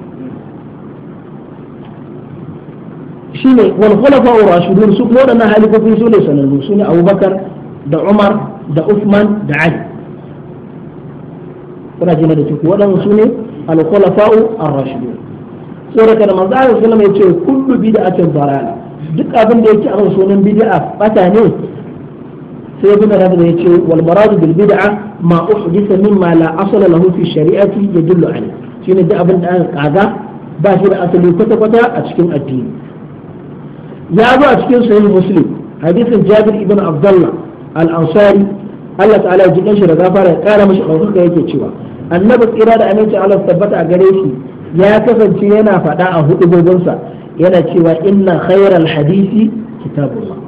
shine wal khulafa wa rashidun su kuma wadannan halifofi su ne sanannu su ne Abubakar da Umar da usman da Ali kuna jina da ciki wadannan su ne al khulafa ar rashidun saboda da manzo Allah sallallahu alaihi wasallam yace kullu bid'atin dalala duk abin da yake a sunan bid'a bata ne sai da rajab ya ce walmaradu maradu bil bid'a ma uhditha mimma la asala lahu fi shari'ati yadullu alayhi shine duk abin da aka kaga ba shi da asali kwata kwata a cikin addini ya zo a cikin sahih muslim hadisin jabir ibn abdullah al ansari Allah ta'ala ji kanshi da gafara ya kara mashi ɗaukaka yake cewa annabi tsira da aminci Allah tabbata a gare shi ya kasance yana faɗa a hudu gogonsa yana cewa inna khairal hadisi kitabullah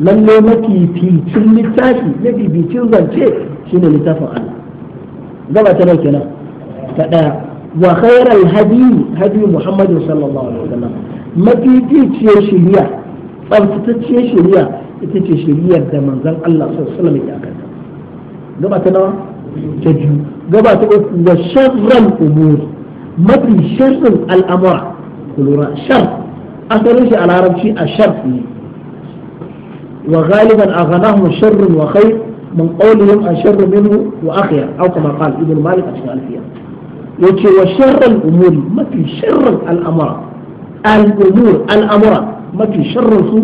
lalle mafificin littafi mafificin zance shine littafin Allah gaba ta nau kenan ta daya wa khairal hadi hadi Muhammad sallallahu alaihi wasallam mafificiyar shari'a tsaftatacciyar shari'a ita ce shari'ar da manzon Allah sallallahu alaihi wasallam ya kanta gaba ta nawa ta biyu gaba ta uku wa sharral umur mafi sharrin al'amura kulura shar asalin shi a larabci a shar ne وغالبا اغناهم شر وخير من قولهم الشر منه واخير او كما قال ابن مالك الشافعي يقول وشر الامور ما في شر الامر الامور الامر ما في شر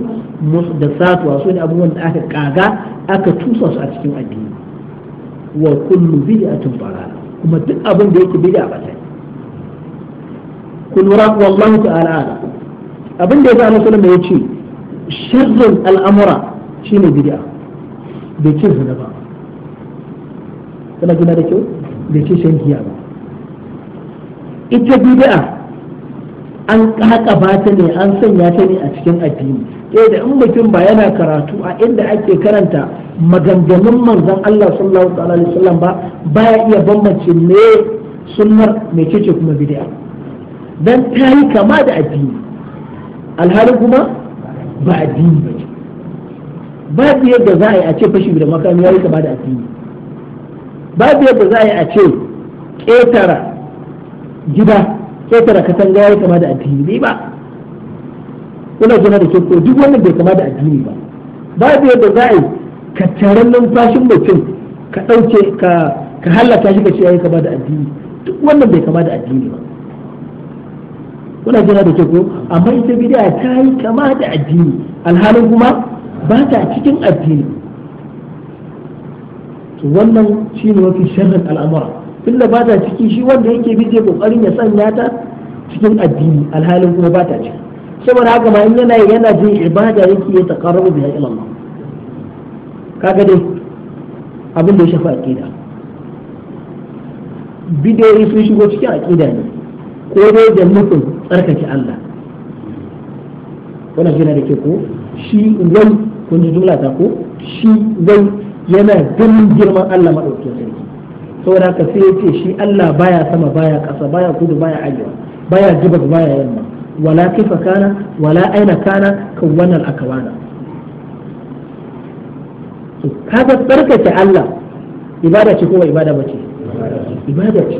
محدثات واصول ابو اخر كاغا aka tusa su a cikin addini wa kullu bid'atun dalal kuma duk abin da yake bid'a ba sai kullu rabb wallahu ta'ala abin da ya ga musulmi yace sharrul al-amra Shi ne bidi'a bai ce zina ba kana gina da kyau bai ce shan giya ba ita bidi'a an ba ta ne an sanya ta ne a cikin addini ke eh, da in mutum ba yana karatu a inda ake karanta maganganun manzon Allah sallallahu alaihi wasallam ba baya iya bambance me sunnar me ce kuma bid'a dan ta yi kama da addini alhali kuma ba addini ba Ba babu yadda za a yi a ce fashi da makami yayi kama da addini ba babu yadda za a yi a ce ƙetara gida ƙetara katanga yayi kama da addini ne ba kuna jina da ko duk wannan bai kama da addini ba Ba babu yadda za a yi ka taron numfashin mutum ka ɗauke ka ka hallaka shi ka ce yayi kama da addini duk wannan bai kama da addini ba kuna jina da ko amma ita bid'a ta yi kama da addini alhalin kuma ba ta cikin addini to wannan shine mafi sharrin al'amura tunda ba ta ciki shi wanda yake bi zai kokarin ya sanya ta cikin addini alhalin kuma ba ta ciki saboda haka ma in yana yana jin ibada yake ya taqarrabu biha ila Allah kaga dai abin da ya shafi aqida bidiyoyi sun shigo cikin aqida ne ko dai da nufin tsarkake Allah wannan yana da ke ko shi wani kun ji jumla ta ko shi zai yana ganin girman Allah madaukakin sarki saboda haka sai yace shi Allah baya sama baya kasa baya kudu baya arewa baya gabas baya yamma wala kifa kana wala aina kana kawanan akawana to kaga tsarkake Allah ibada ce ko ibada ba ibada ce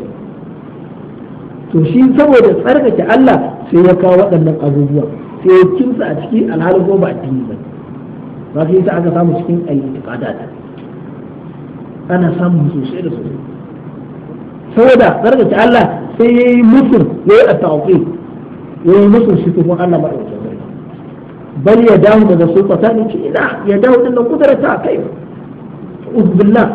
to shi saboda tsarkake Allah sai ya kawo waɗannan abubuwa sai ya kinsa a ciki alhalin ko ba addini ba ba su aka samu cikin al-i'tiqadat ana samun sosai da sosai saboda zargace Allah sai ya yi musu ya yi at ya yi musu shi kuma Allah ba ya bal ya dawo daga su sufata ne ce ina ya dawo din kudura ta kai ubillah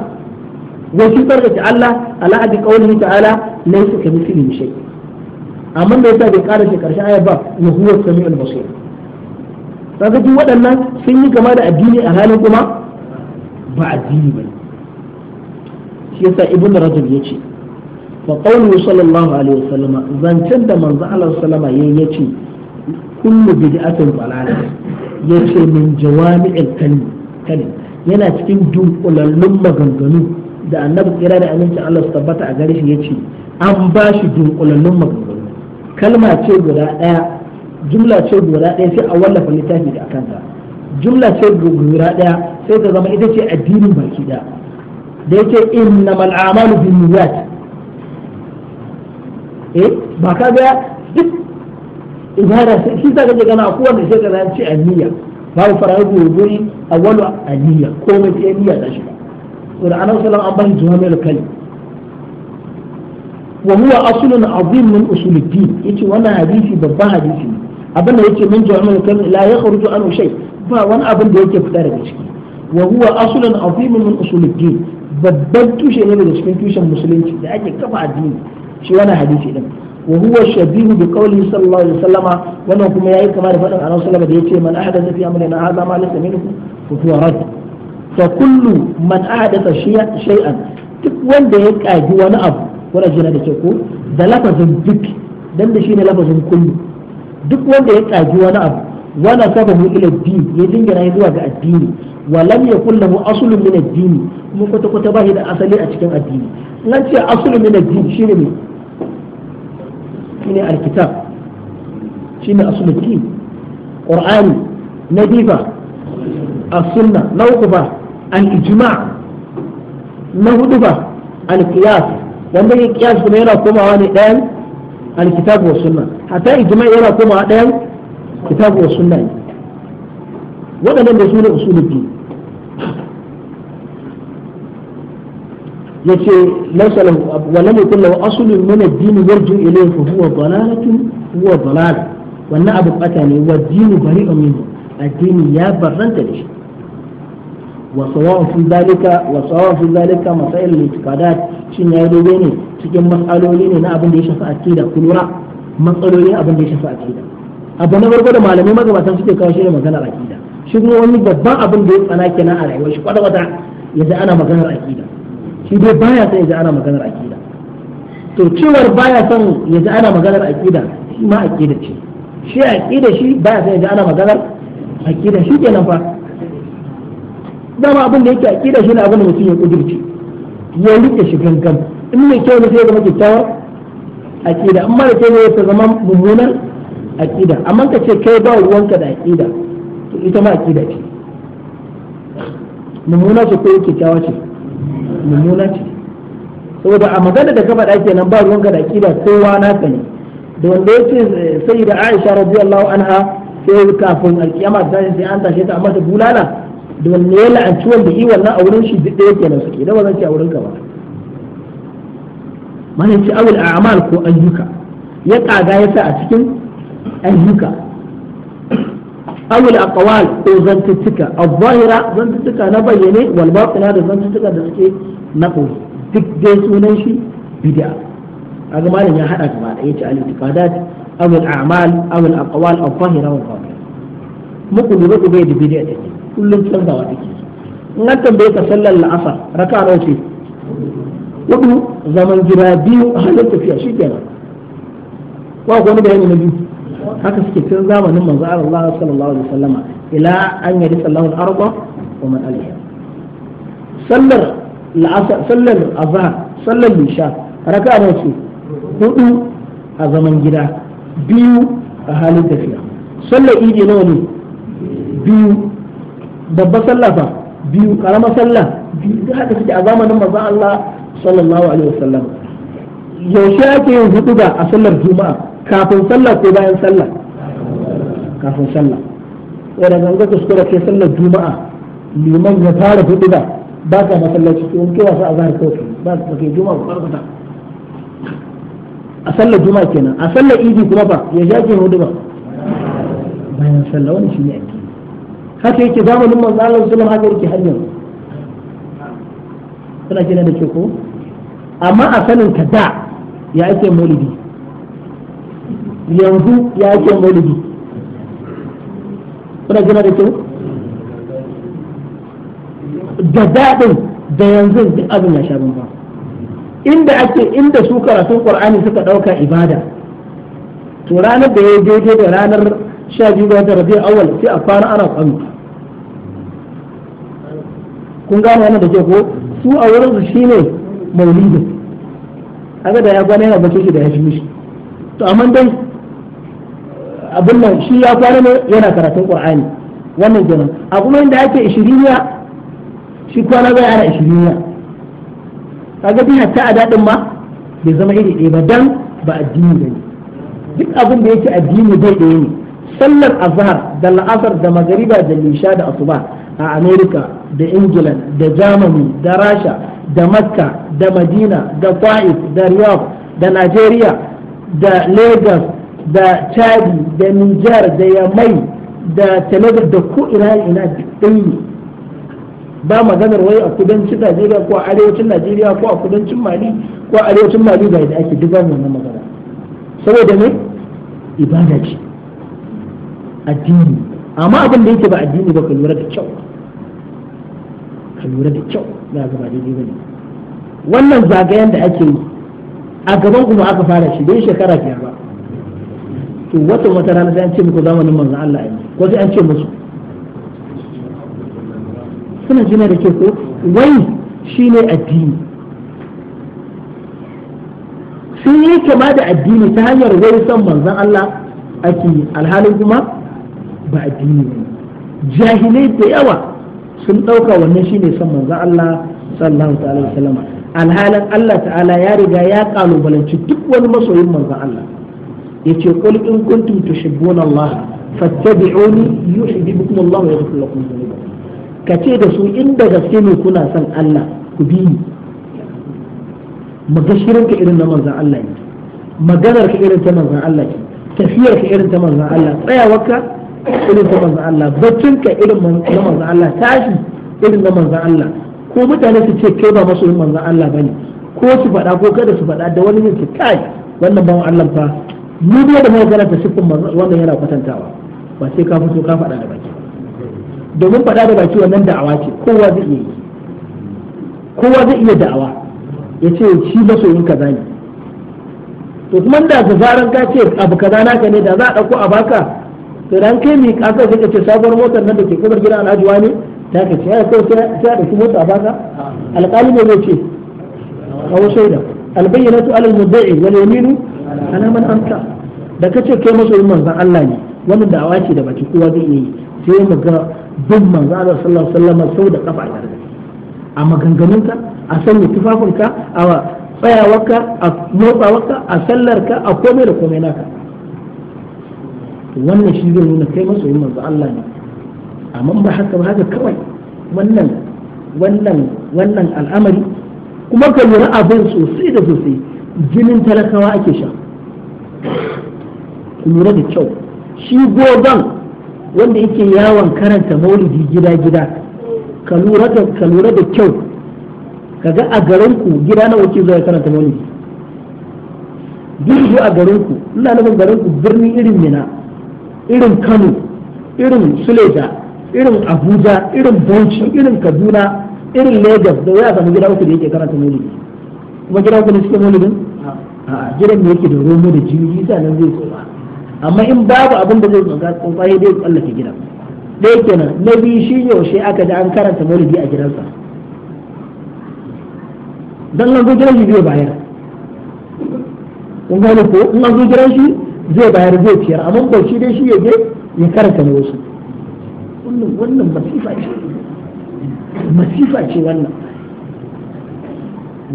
wa shi zargace Allah ala abi qawlihi ta'ala laysa kamithlihi shay amma me yasa bai kara shi karshe ayat ba wa huwa samiul basir kaga duk waɗannan sun yi kama da addini a halin kuma ba addini ba shi yasa ibn rajab yace fa qawlu sallallahu alaihi wasallam zancen da manzo Allah sallama yayin yace kullu bid'atin dalala yace min jawami'il kalim kalim yana cikin dunkulallun maganganu da annabi kira da amincin Allah su tabbata a gare shi yace an ba shi dunkulallun maganganu kalma ce guda daya jumla ce guda ɗaya sai a wallafa littafi da ta jumla ce guda ɗaya sai ta zama ita ce addinin baki ɗaya da yake mal a'malu niyyat eh ba ka ga duk ibada shi ta kaje kana ko wanda sai ka ce aniyya babu farahu guri awwalu aniyya ko mai ce niyya ta shiga to da annabi sallallahu alaihi wasallam an kai, wa huwa aslun azim min usul ad-din yace wannan hadisi babban hadisi abin da yake min jami'in kan la ya kharuju an shay ba wani abin da yake fita da ciki wa huwa aslan azimun min usuluddin babban tushe ne daga cikin tushen musulunci da ake kafa addini shi wani hadisi din wa huwa shabihu bi qawli sallallahu alaihi wasallama wannan kuma yayi kama da fadin annabi sallallahu alaihi wasallam da yace man ahadatha fi amrina hadha ma laysa minhu fa huwa rad fa kullu man ahadatha shay'an duk wanda ya kaji wani abu wannan jira da ke ko da lafazin duk dan da shine lafazin kullu duk wanda ya tsaji wani abu saba mu ila din ya jingina ya zuwa ga addini wa lam yakul lahu aslun min ad-din kuma kwata kwata ba da asali a cikin addini nan ce aslun min ad-din shine ne shine alkitab shine aslun din qur'ani nadifa as-sunna na al-ijma' na hudu ba al-qiyas wanda ya kiyas kuma yana komawa ne ɗayan al-kitab wa sunna hatta ijma'i yana komawa ɗayan kitabu wa sunna ne waɗannan da su ne usuluddin yace laysa lahu wa lam yakul lahu aslun min ad-din yarju ilayhi fa huwa dalalatun huwa dalal wannan abu bata ne wa dinu bari'un minhu dini ya barranta da shi wa sawa'un fi zalika wa sawa'un fi zalika masail al-i'tiqadat shin ya ne cikin mas'aloli ne na abin da ya shafi aqida kulura matsaloli abin da ya shafi aqida abu na farko da malamai magabatan suke kawo shi ne maganar aqida shi kuma wani babban abin da ya tsana kenan a rayuwar shi kwata kwata yaji ana maganar aqida shi dai baya son yaji ana maganar aqida to cewar baya son yaji ana maganar aqida shi ma aqida ce shi aqida shi baya son yaji ana maganar aqida shi kenan fa dama abin da yake aqida shi ne abin da mutum ya kudirce ya rike shi gangan in mai kyau ne sai ya zama kyakkyawar aqida amma da ke ne ta zama mummunar aqida amma ka ce kai ba ruwanka da aqida to ita ma aqida ce mummuna ce ko kyakkyawa ce mummuna ce saboda a magana da ka faɗa nan ba ruwanka da aqida kowa ka ne da wanda ya ce eh, sai da Aisha radiyallahu anha sai kafin alkiyama ta sai an tashe ta amma ta bulala da wanda ya la'anci wanda yi wannan a wurin shi duk ɗaya kenan suke da ba zan ce a wurin ka ba mahaifci awil a'mal ko ayyuka ya kaga ya sa a cikin ayyuka awil aqwal ko zantuttuka az-zahira zantuttuka na bayyane wal batina da zantuttuka da suke na ko duk dai sunan shi bid'a kaga malam ya hada gaba da yace al-i'tiqadat awil a'mal awil aqwal az-zahira wal batina muku lura ku bai da bid'a take kullum canzawa take in an tambaye ka sallar la'asar raka'a nawa hudu zaman gida biyu a halin tafiya shi kenan ba ku wani bayani na biyu haka suke tun zamanin manzo Allah sallallahu alaihi wasallama ila an yari sallahu al-arba wa man alaiha sallar la'asar sallar azhar sallar lisha raka ne ce hudu a zaman gida biyu a halin tafiya sallar idi nawa ne biyu babbar sallah biyu karamar sallah biyu da haka suke a zamanin manzo Allah sallallahu alaihi wasallam yaushe ake yin hutuba a sallar juma'a kafin sallah ko bayan sallah kafin sallah wadda zanga kuskura ke sallar juma'a liman ya fara hutuba ba ka masallaci ko in kewa sa a zahar kawai ba ka kai juma'a kwalkwata a sallar juma'a kenan a sallar idi kuma ba ya sha ke hutuba bayan sallah wani shi ne ake haka yake zamanin manzo Allah sallallahu alaihi wasallam haka yake hanyar suna kina da ke ko amma a sanin ka da ya ake maulidi yanzu ya ake maulidi kuna gina da kyau da daɗin da yanzu duk abin ya sha ba inda ake inda su karatun qur'ani suka ɗauka ibada to ranar da ya daidai da ranar sha biyu ga rabiul awal sai a fara ana kwami kun gane wannan da ke ko su a wurin su shine maulidin haka da ya kwana yana bacci shi da ya fi mishi to amma dai abin nan shi ya kwana ne yana karatun qur'ani wannan kenan a kuma inda ake ishiriniya shi kwana bai ana ishiriniya kaga bi hatta a dadin ma bai zama iri ɗaya ba dan ba addini ba ne duk abin da yake addini bai ɗaya ne sallar azhar da la'asar da magariba da nisha da asuba a america da ingila da germany da rasha da makka da madina da kwa'if da riyadh da nigeria da lagos da chadi da niger da yamai da talabar da ko ina ina ɗin ba maganar wai a kudancin najeriya ko a arewacin najeriya ko a kudancin mali ko a arewacin mali ba da ake duk wannan magana saboda me ibada ce addini amma abin da yake ba addini ba ka lura da kyau ka lura da kyau za ka ba daidai bane wannan zagayen da ake yi a gaban kuma aka fara shi bai shekara biyar ba to wata wata rana sai an ce muku zamanin manzon Allah ne ko sai an ce musu suna jina da ke ko wai shine addini sun yi kama da addini ta hanyar wai son manzon Allah ake alhalin kuma ba addini ne jahilai da yawa sun ɗauka wannan shi ne son manzon Allah sallallahu alaihi wasallam alhalin Allah ta'ala ya riga ya kalubalanci duk wani masoyin manzon Allah Ya ce qul in kuntum tuhibbuna Allah fattabi'uni yuhibbukum Allah wa yaghfir lakum Ka ce da su inda gaske ne kuna son Allah ku bi ni magashirin ka irin na manzon Allah ne maganar ka irin ta manzon Allah ce tafiyar ka irin ta manzon Allah tsayawarka irin na manzan Allah baccin ka irin na manzan Allah tashi irin na manzan Allah ko mutane su ce kai ba masoyin manzan Allah bane ko su faɗa ko kada su faɗa da wani yin kai wannan ba Allah fa ni ne da magana ta shi wannan yana kwatantawa ba sai ka fito ka faɗa da baki domin faɗa da baki wannan da'awa ce kowa zai iya yi kowa zai iya da'awa ya ce shi masoyin kaza ne to kuma da zaran ka ce abu kaza naka ne da za a ɗauko a baka to dan kai mi kasa sai ka ce sabuwar motar nan da ke kubar gidan alhaji ne ta ka ce ai ko sai a dauki mota a baka alƙali ne zai ce kawo shaida albayyinatu alal mudda'i wal yaminu ana man anta da kace kai yin manzan Allah ne wannan da awaci da baki kowa zai yi sai mu ga bin manzan Allah sallallahu alaihi wasallam sau da kafa a ka a sanya ka a tsayawarka a motsawarka a sallarka a komai da komai naka wannan shi zai nuna kai masoyin manzo Allah ne amma ba haka ba haka kawai wannan wannan wannan al'amari kuma ka lura abin sosai da sosai jinin talakawa ake sha ku lura da kyau shi goban wanda yake yawon karanta maulidi gida-gida ka lura da kyau kaga a garin ku gida nawa ke zuwa karanta maulidi duk a garin ku ina nufin garin ku birni irin mina irin kano irin suleja irin abuja irin bauchi irin kaduna irin lagos da ya samu gida uku da yake karanta maulidi kuma gida uku ne suke maulidin a gidan da yake da romo da jiri isa nan zai tsoma amma in babu abin da zai tsoma tsoma ya dai tsallake gidan ɗaya kenan na biyu shi yaushe aka ji an karanta maulidi a gidansa dan nan gidan shi biyu bayar kun ko in an zo gidan shi zai bayar zai ciyar amma ba shi dai shi ya je ya karanta ne wasu wannan wannan masifa ce masifa ce wannan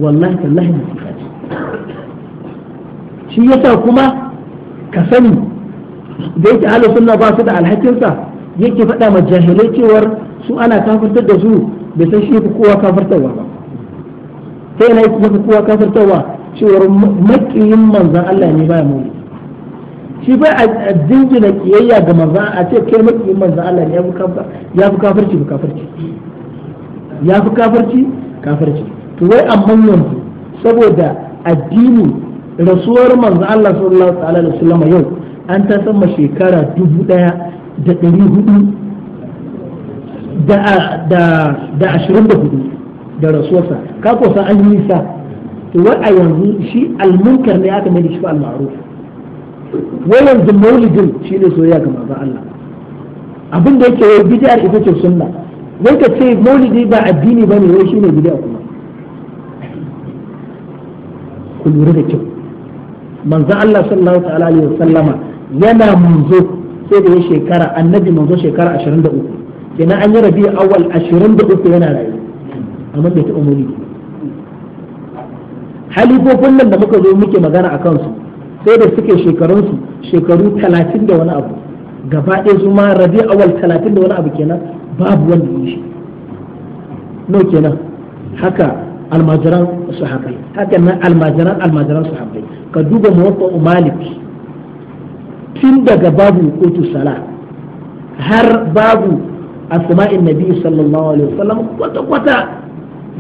wallahi tallahi masifa ce shi yasa kuma ka sani da yake halin sunna ba su da alhakinsa yake faɗa ma jahilai cewar su ana kafirtar da su bai san shi kowa kafirtarwa ba ta yana yi kowa kafirtarwa cewar makiyin manzan Allah ne baya mulu shi ba a jingina kiyayya ga manzan a ce kai yin manzan Allah ne ya fi kafirci ba kafirci ya fi kafirci kafirci to wai amma yanzu saboda addini rasuwar manzan Allah sallallahu alaihi wasallam yau an ta sama shekara dubu daya da ɗari hudu da ashirin da hudu da rasuwarsa ka kosa an yi nisa to wai a yanzu shi almunkar ne aka mai da shi al-ma'ruf wannan da maulidin shine soyayya ga manzon Allah abin da yake yau bid'a ita ce sunna wai ka ce maulidi ba addini bane wai shine bid'a kuma ku lura da kyau manzon Allah sallallahu ta'ala alaihi wasallama yana munzo sai da shekara annabi manzo shekara 23 kenan an yi rabi awal 23 yana rayu amma bai ta umuri halifofin nan da muka zo muke magana a kansu sai da suke shekarunsu shekaru talatin da wani abu gaba ɗaya su ma rabi awal talatin da wani abu kenan babu wanda ya shi no kenan haka almajiran su sahabbai haka nan almajiran almajiran sahabbai ka duba muwatta malik tun daga babu kotu sala har babu asma'in nabi sallallahu alaihi wasallam kwata kwata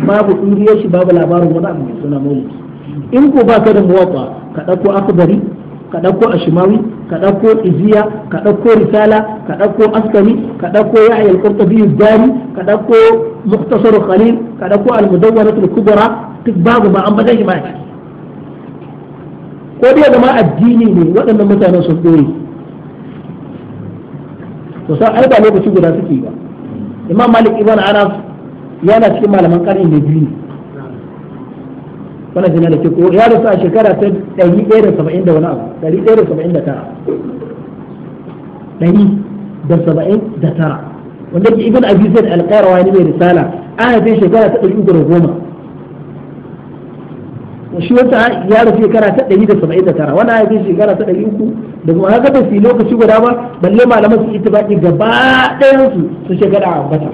babu ɗuriyar shi babu labarin wani abu mai suna maulidi in ko ba ka da muwatta ka ɗauko akbari ka ɗauko ashimawi ka ɗauko iziya ka ɗauko risala ka ɗauko askari ka ɗauko yahya al-qurtubi dari ka ɗauko muktasar khalil ka ɗauko al-mudawwarat kubra duk babu ba an bada ma ko dai zama addini ne waɗannan mutanen sun dore to sai ai ba lokaci guda suke ba imam malik ibn anas yana cikin malaman karni da biyu ne wannan jina da ke ko ya rasu a shekara ta 170 da wani abu 179 179 wanda ke ibn abi zaid al-qayrawi ne mai risala ana bin shekara ta 310 shi wata ya rasu shekara ta 179 wani ya bin shekara ta 300 da kuma haka ba su lokaci guda ba balle malaman su itibaki gaba ɗayan su su shekara a bata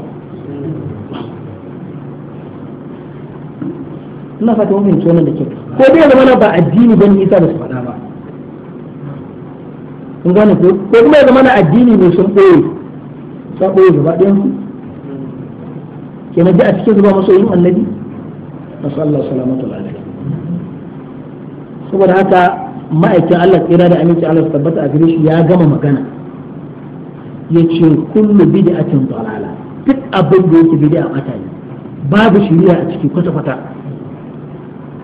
ina fata mun fahimci wannan da kyau ko dai zama na ba addini bane isa ba su faɗa ba kun gane ko ko kuma ya zama na addini ne sun ɓoye sun ɓoye gaba ɗayan su na ji a cikin zuba masoyin annabi nasu Allah salamatu alaihi saboda haka ma'aikin Allah tsira da aminci Allah su tabbata a gare shi ya gama magana ya ce kullu bid'atin dalala duk abin da yake bid'a bata ne babu shiriya a ciki kwata-kwata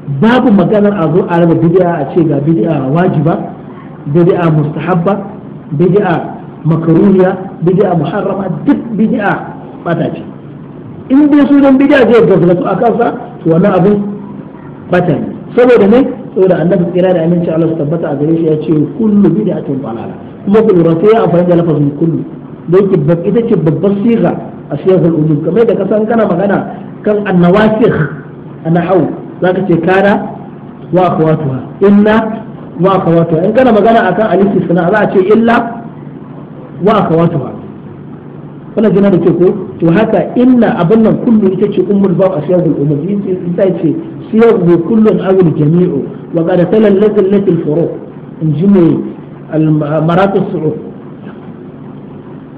babu magana a zo a raba bid'a a ce ga bid'a wajiba bid'a mustahabba bid'a makruhiya bid'a muharrama duk bid'a bata ce in dai sunan bid'a zai gazlatu a kansa to wannan abu bata ne saboda ne saboda annabi kira da aminci Allah su tabbata a gare shi ya ce kullu bid'atun balala kuma ku lura sai ya da lafazin kullu ki ita ce babbar siga a siyasar ulum kamar da kasan kana magana kan annawasih ana hau zaka ce kana wa akhawatuha illa wa akhawatuha in kana magana akan alisi sana za a ce illa wa akhawatuha wannan jina da ke ko to haka illa abin nan kullu ita ce ummul ba asiyabul yin ita ce siyabu kullun awil jami'u wa qad talallazat lati furu in ji mai maratu su'u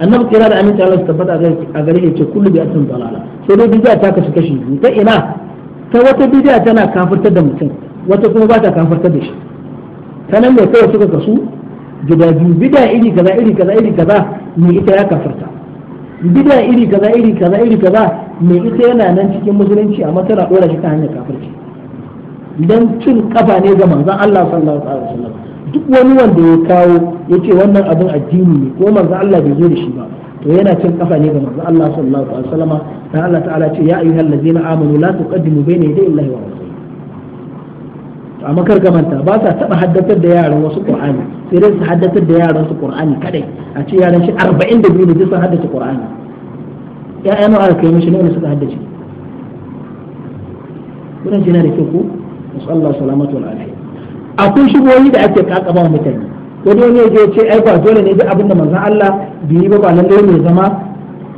annabi kira da aminta Allah tabbata a gare ce kullu bi asin dalala sai dai bidiya ta kashi kashi ta ina ta wata bidiya tana kafirtar da mutum wata kuma ba ta kafirtar da shi ta nan ne kawai suka kasu guda biyu bidiya iri kaza iri kaza iri kaza mai ita ya kafirta bidiya iri kaza iri kaza iri kaza mai ita yana nan cikin musulunci amma tana dora shi ta hanyar kafirci dan cin kafa ne ga manzon Allah sallallahu alaihi wasallam duk wani wanda ya kawo yace wannan abin addini ne ko manzon Allah bai zo da shi ba to yana cin kafa ne ga manzo Allah sallallahu alaihi wasallam dan Allah ta'ala ce ya ayyuhal ladzina amanu la tuqaddimu bayna yaday Allahi wa rasulihi amma kar ka manta ba sa taba haddatar da yaran wasu qur'ani sai dai su haddatar da yaran su qur'ani kadai a ce yaran shi 42 ne duk sun haddace qur'ani ya ayyuhal aka kai mishi ne suka haddace kuna jina da kyau ko wasu Allah salamatu wal afiya akwai shigoyi da ake kakaba mutane wani wani ya je ce ai ba dole ne duk abin da manzon Allah bai yi ba ba lalle ne zama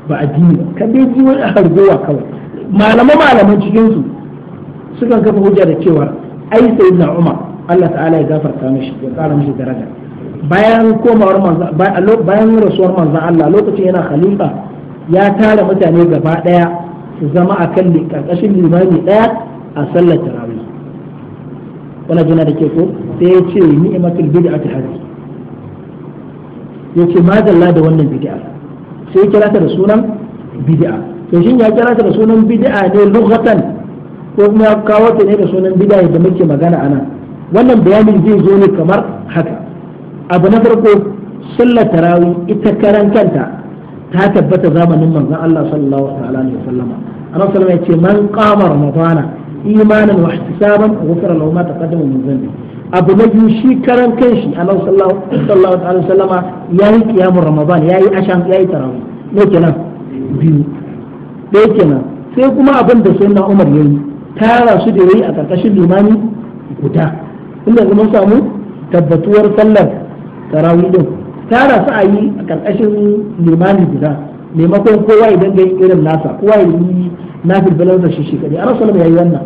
ba addini ba kan dai ji wani hargowa kawai malama malaman cikin su sukan kafa hujja da cewa ai sayyidina Umar Allah ta'ala ya gafarta mishi ya kara mishi daraja bayan komawar manzon bayan rasuwar manzon Allah lokacin yana khalifa ya tara mutane gaba daya su zama akan karkashin limami daya a sallar tarawih wannan jina da ke ko sai ya ce ni'matul bid'ati hadhihi yace ce madalla da wannan bid'a sai ya kira ta da sunan bid'a to shin ya kira ta da sunan bid'a ne lughatan ko kuma ya kawo ta ne da sunan bid'a da muke magana anan wannan bayanin zai zo ne kamar haka abu na farko sallar tarawih ita karan kanta ta tabbata zamanin manzon Allah sallallahu alaihi wasallama annabi sallallahu alaihi ya ce man qama ramadana imanan wa ihtisaban ghufira lahu ma taqaddama min dhanbi abu na biyu shi karan kanshi nan sallallahu alaihi wasallama yi kiyamun ramadan yayi ya yi tarawih ne kenan biyu ne kenan sai kuma abin da sayyidina Umar ya yi tara su da yayi a karkashin limani guda inda kuma samu tabbatuwar sallar tarawih din tara su a yi a karkashin limani guda maimakon kowa idan ga irin nasa kowa ya yi nafil balawar shi shi kadai a ya yayi wannan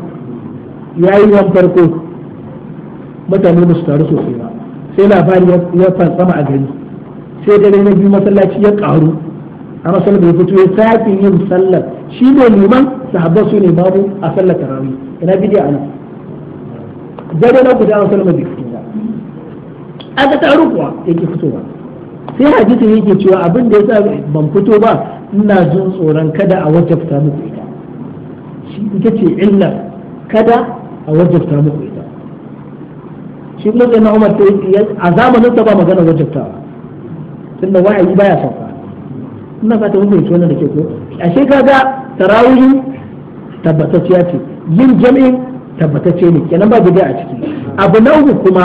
yayi wani farko mutane ba su taru sosai ba sai labari ya fantsama a gari sai dare na biyu masallaci ya karu a masallaci ya fito ya sake yin sallar shi ne liman sahabban su ne babu a sallar tarawih ina a nan dare na guda a sallar bai fito ba aka taru kuwa yake fitowa sai hadisin yake cewa abin da yasa ban fito ba ina jin tsoron kada a wajabta muku ita shi ita ce illar kada a wajabta muku ita shi kuma sai na umar ta yi a zamanin ta ba magana wajen wajabtawa tunda wahayi baya sauka ina fata mun fahimci wannan da ke ko ashe kaga tarawihi tabbatacciya ce yin jami'in tabbatacce ne kenan ba gida a ciki abu na uku kuma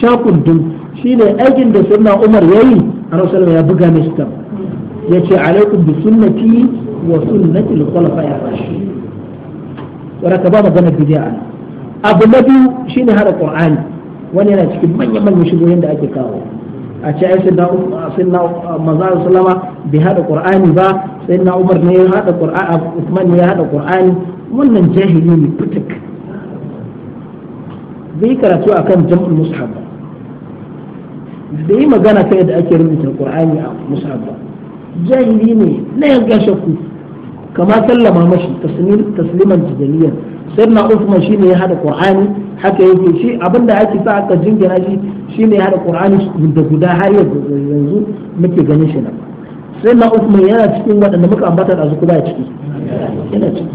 shakun dun shine aikin da sunna umar yayi annabi sallallahu ya buga mai Ya ce alaikum bi sunnati wa sunnati al-khulafa'i ar-rashidin wa ba magana a? abu na biyu shine hada qur'ani wani yana cikin manyan manyan shigoyin da ake kawo a ce ai ah, manzo sallama bai hada qur'ani ba sai na umar ne ya hada qur'ani ah, usman ne ya hada qur'ani wannan jahili ne fitik bai karatu akan jam'ul mushaf bai magana kai da ake rubuta qur'ani a mushaf ba jahili ne na yanga shakku kama sallama mashi tasliman tijaniyan sirna usman shine ya hada qur'ani haka yake shi abinda ake sa aka jingina shi shine ya hada qur'ani da guda har yanzu muke ganin shi nan sai usman yana cikin waɗanda muka ambata da su kuma ya ciki yana ciki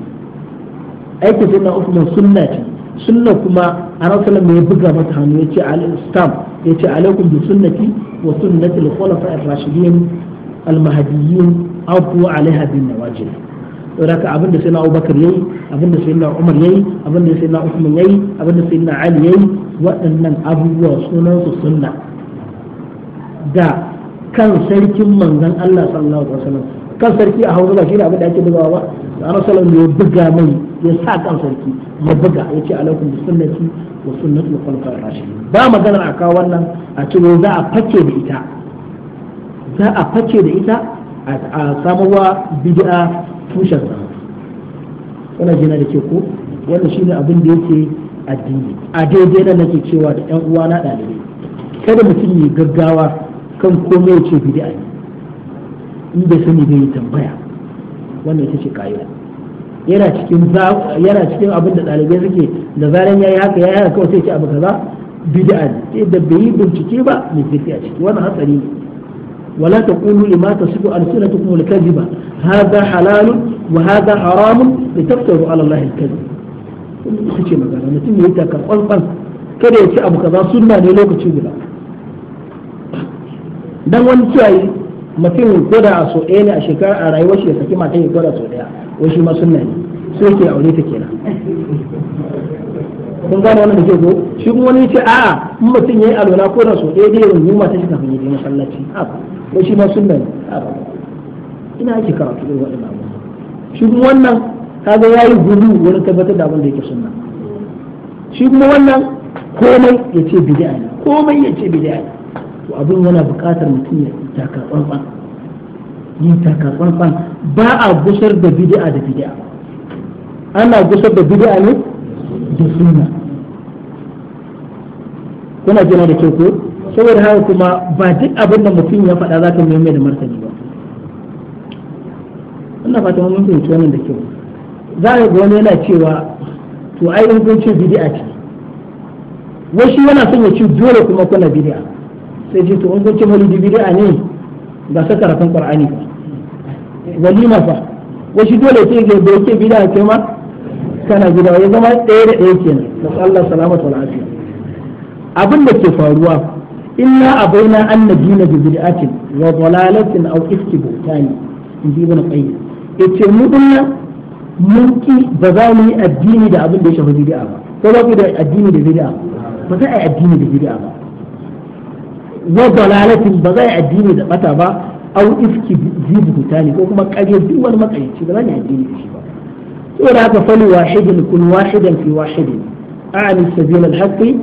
aikin sirna usman sunna ce sunna kuma ana sallan mai buga mata hannu yace al-islam yace alaikum bi sunnati wa sunnati al-khulafa ar-rashidin al-mahdiyyin afu alaiha bin nawajib saboda abin da sai na Abubakar yayi abin da sai na Umar yayi abin da sai na Usman yayi abin da sai na Ali yayi waɗannan abubuwa sunan su sunna da kan sarkin manzon Allah sallallahu alaihi wasallam kan sarki a Hausa ba shi ne abin da ake bugawa ba Allah sallallahu alaihi wasallam ya buga mai ya sa kan sarki ya buga ya ce alaikum bi sunnati wa sunnatul khulafa'ir rashidin ba magana a kawo wannan a ce za a fake da ita za a fake da ita a samarwa bid'a sa wannan jina da ke ko wanda shi ne abin da yake addini a daidai da nake cewa da yan uwa na ɗalibai kada mutum ya gaggawa kan komai ce bid'a ne in bai sani bai tambaya wannan ita ce kayan yana cikin yana cikin abin da dalibai suke da zaran yayi haka yayi haka kawai sai ce abu kaza bid'a ne da bai yi bincike ba ne sai a ciki wannan hatsari ne ولا تقولوا لما تصف ألسنتكم الكذب هذا حلال وهذا حرام لتفتروا على الله الكذب ita ce magana mutum ya yi takar kwalkwal kada ya ce abu kaza ne lokaci guda dan wani cewa yi mutum ko da a so ne a shekara a rayuwar shi ya saki mata ya ko da so ɗaya wai shi ma sunna ne so yake aure ta kenan kun gane wannan da ke zo shi kuma wani ce a'a in mutum yayi alwala ko da so ɗaya da yayin yunwa ta shiga fanye masallaci haka ko shi ma sunna ne haka ina ake karatu da wannan abu shi kuma wannan kaga yayi gudu wani tabbatar da abin da yake sunna shi kuma wannan komai yace bid'a ne komai yace bid'a ne to abin yana buƙatar mutum ya taka tsantsan yin taka tsantsan ba a gusar da bid'a da bid'a ana gusar da bid'a ne da sunna kuna jina da kyau ko saboda haka kuma ba duk abin da mutum ya faɗa za ka mai da martani ba ina fata mun fahimci wannan da kyau za ka ga wani yana cewa to ai in kun ce bid'a ce wai shi yana son ya ci dole kuma kuna bid'a sai ce to in kun ce maulidi bid'a ne ba sa karatun qur'ani ba walima fa wai shi dole ce ga da yake bid'a ke ma kana gida ya zama ɗaya da ɗaya kenan nasallahu salamatu wa lafiya. abin da ke faruwa illa abaina an nabina bi bid'atin wa dalalatin aw ifki butani in ji ibn qayyim yace mu dinna mun ki ba za mu yi addini da abin da ya shafi bid'a ba ko ba ku da addini da bid'a ba za a yi addini da bid'a ba wa dalalatin ba za a yi addini da bata ba aw ifki bi ko kuma kare duk wani makayici ba za ni addini da shi ba saboda haka fali wahidin kun wahidan fi wahidin a'ani sabila al-haqqi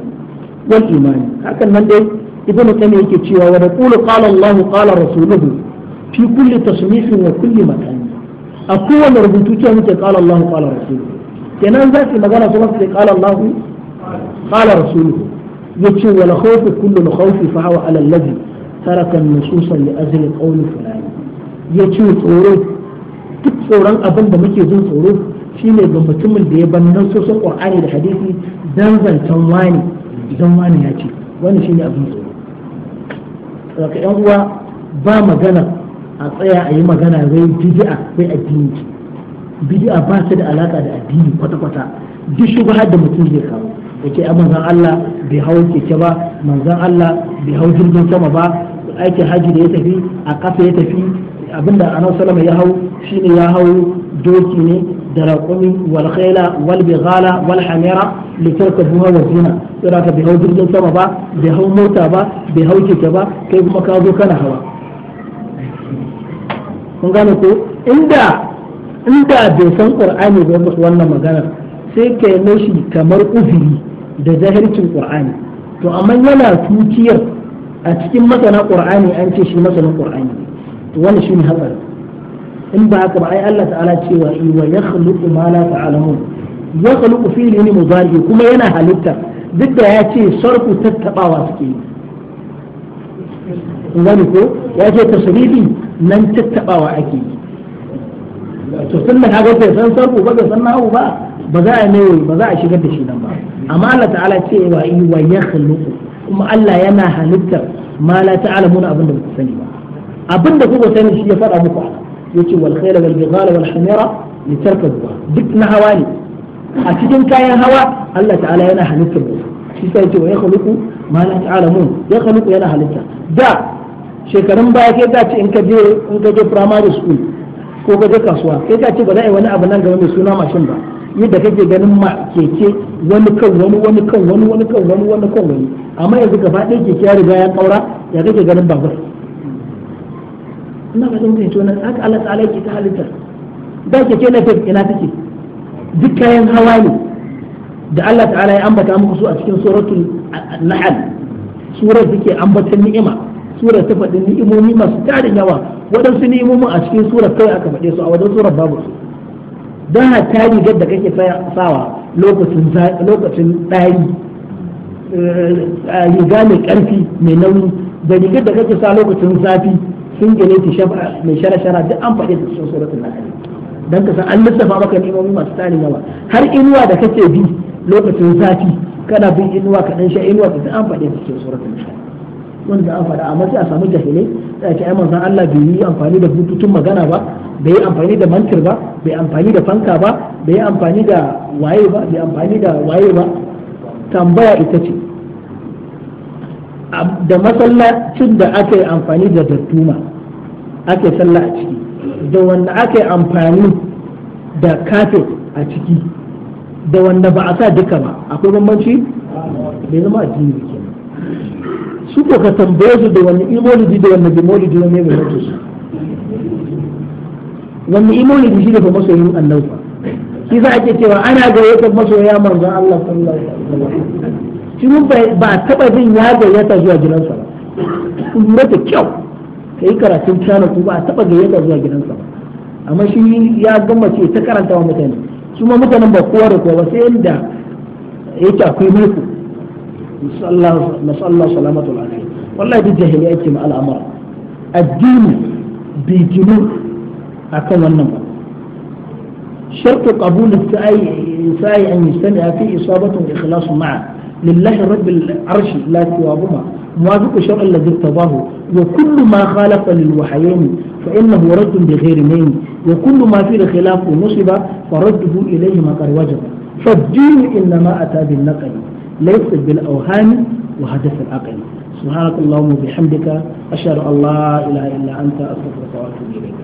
wal imani hakan nan dai ibnu qayyim yake cewa wa naqulu qala Allah qala rasuluhu fi kulli tasnifin wa kulli makan a kowane rubutu ce muke qala Allah qala rasuluhu kenan za magana su masu qala Allah qala rasuluhu yace wal khawfu kullu khawfi fa huwa duk tsoron abin da muke jin tsoro shine ga mutumin da ya ban nan sosan qur'ani da hadisi dan zancen wani idan wani ya ce wani shine abin tsoro yan uwa ba magana a tsaya a yi magana zai bid'a sai addini bid'a ba ta da alaka da addini kwata-kwata duk har da mutum zai kawo yake a manzan Allah bai hau keke ba manzan Allah bai hau jirgin sama ba aikin haji da ya tafi a ƙasa ya tafi abinda anan salama ya hau shine ya hau doki ne da raƙumi wal khaila wal bighala wal hamira litarka buha wa zina tsira ka bai hau jirgin sama ba bai hau mota ba bai hau keke ba kai kuma ka zo kana hawa kun gane ko inda inda bai san qur'ani ba wannan maganar sai kai mashi kamar uzuri da zahircin ƙur'ani, to amma yana tutiyar a cikin masana qur'ani an ce shi masanin qur'ani to wannan shine hatsari in ba haka ba ai Allah ta'ala cewa wa yakhluqu ma la ta'lamun ya khaluqu fi'li ne mudari kuma yana halitta duk da ya ce sarfu tattabawa suke yi gani ko ya ce tasrifi nan tattabawa ake yi to tun da kaga sai san sarfu ba da san nahu ba ba za a ne ba za a shigar da shi nan ba amma Allah ta'ala ce wa yi wa ya khaluqu kuma Allah yana halittar ma la ta'lamuna abinda ba ku sani ba abinda ku ba sani shi ya faɗa muku yace wal khayla wal bighala wal hamira litarkabuha duk na hawa ne a cikin kayan hawa Allah ta'ala yana halitta mu shi sai ce wa ya khaluqu ma la ta'lamun ya khaluqu yana halitta da shekarun baya kai ta ce in ka je in ka je primary school ko ka je kasuwa kai ta ce ba za a yi wani abu nan gaba mai suna mashin ba yadda kake ganin ma keke wani kan wani wani kan wani wani kan wani wani kan wani amma yanzu gaba ɗaya keke ya riga ya kaura ya kake ganin babur ina ba zan fahimci wannan haka Allah ta'ala yake ta halitta da keke na ina take duk kayan hawa ne da Allah ta'ala ya ambata muku su a cikin suratul na'al surar take ambatan ni'ima surar ta faɗi ni'imomi masu tarin yawa waɗansu ni'imomi a cikin surar kawai aka faɗe su a wajen surar babu su don ta rigar da kake sawa lokacin ɗari eh, riga mai ƙarfi mai nauyi da rigar da kake sa lokacin zafi sun gane ta mai shara-shara duk an faɗe su cikin suratul na'al dan ka san an lissafa maka ni'imomi masu tarin yawa har inuwa da kake bi lokacin zafi kana bin inuwa ka dan sha inuwa ka an faɗe a cikin suratul nisa wanda an faɗa amma sai a samu jahilai sai ce ai san Allah bai yi amfani da bututun magana ba bai yi amfani da mantir ba bai amfani da fanka ba bai yi amfani da waye ba bai amfani da waye ba tambaya ita ce da masallacin da aka yi amfani da dattuma ake sallah a ciki da wanda aka yi amfani da kafet a ciki da wanda ba a sa duka ba akwai bambanci bai zama addini ba kenan su ko ka tambaye su da wani imoliji da wani bimoliji wani mai mutu su wani imoliji shi da ba masoyin Allah ba shi za a ke cewa ana gayyatar masoya manzon Allah sallallahu alaihi wasallam shi ba taba jin ya gayyata zuwa gidansa ba kuma da kyau yi karatun cana ba a taɓa gayyata zuwa gidansa amma shi ya gammace ta karanta wa mutane su ma mutanen ba kowa da kowa sai yanda yake akwai mulku masallah salamatu lafiya wallahi duk jahili ake ma al'amura. addini bai ginu akan wannan ba shartu qabul sa'i sa'i an yastami'a fi isabatin ma'a lillahi rabbil arshi la siwahuma موافق الشرع الذي ارتضاه وكل ما خالف للوحيين فإنه رد بغير مين وكل ما فيه خلاف نصب فرده إليهما قد وجب فالدين إنما أتى بالنقل ليس بالأوهام وهدف العقل سبحانك اللهم وبحمدك أشهد أن لا إله إلا أنت أستغفرك وأتوب إليك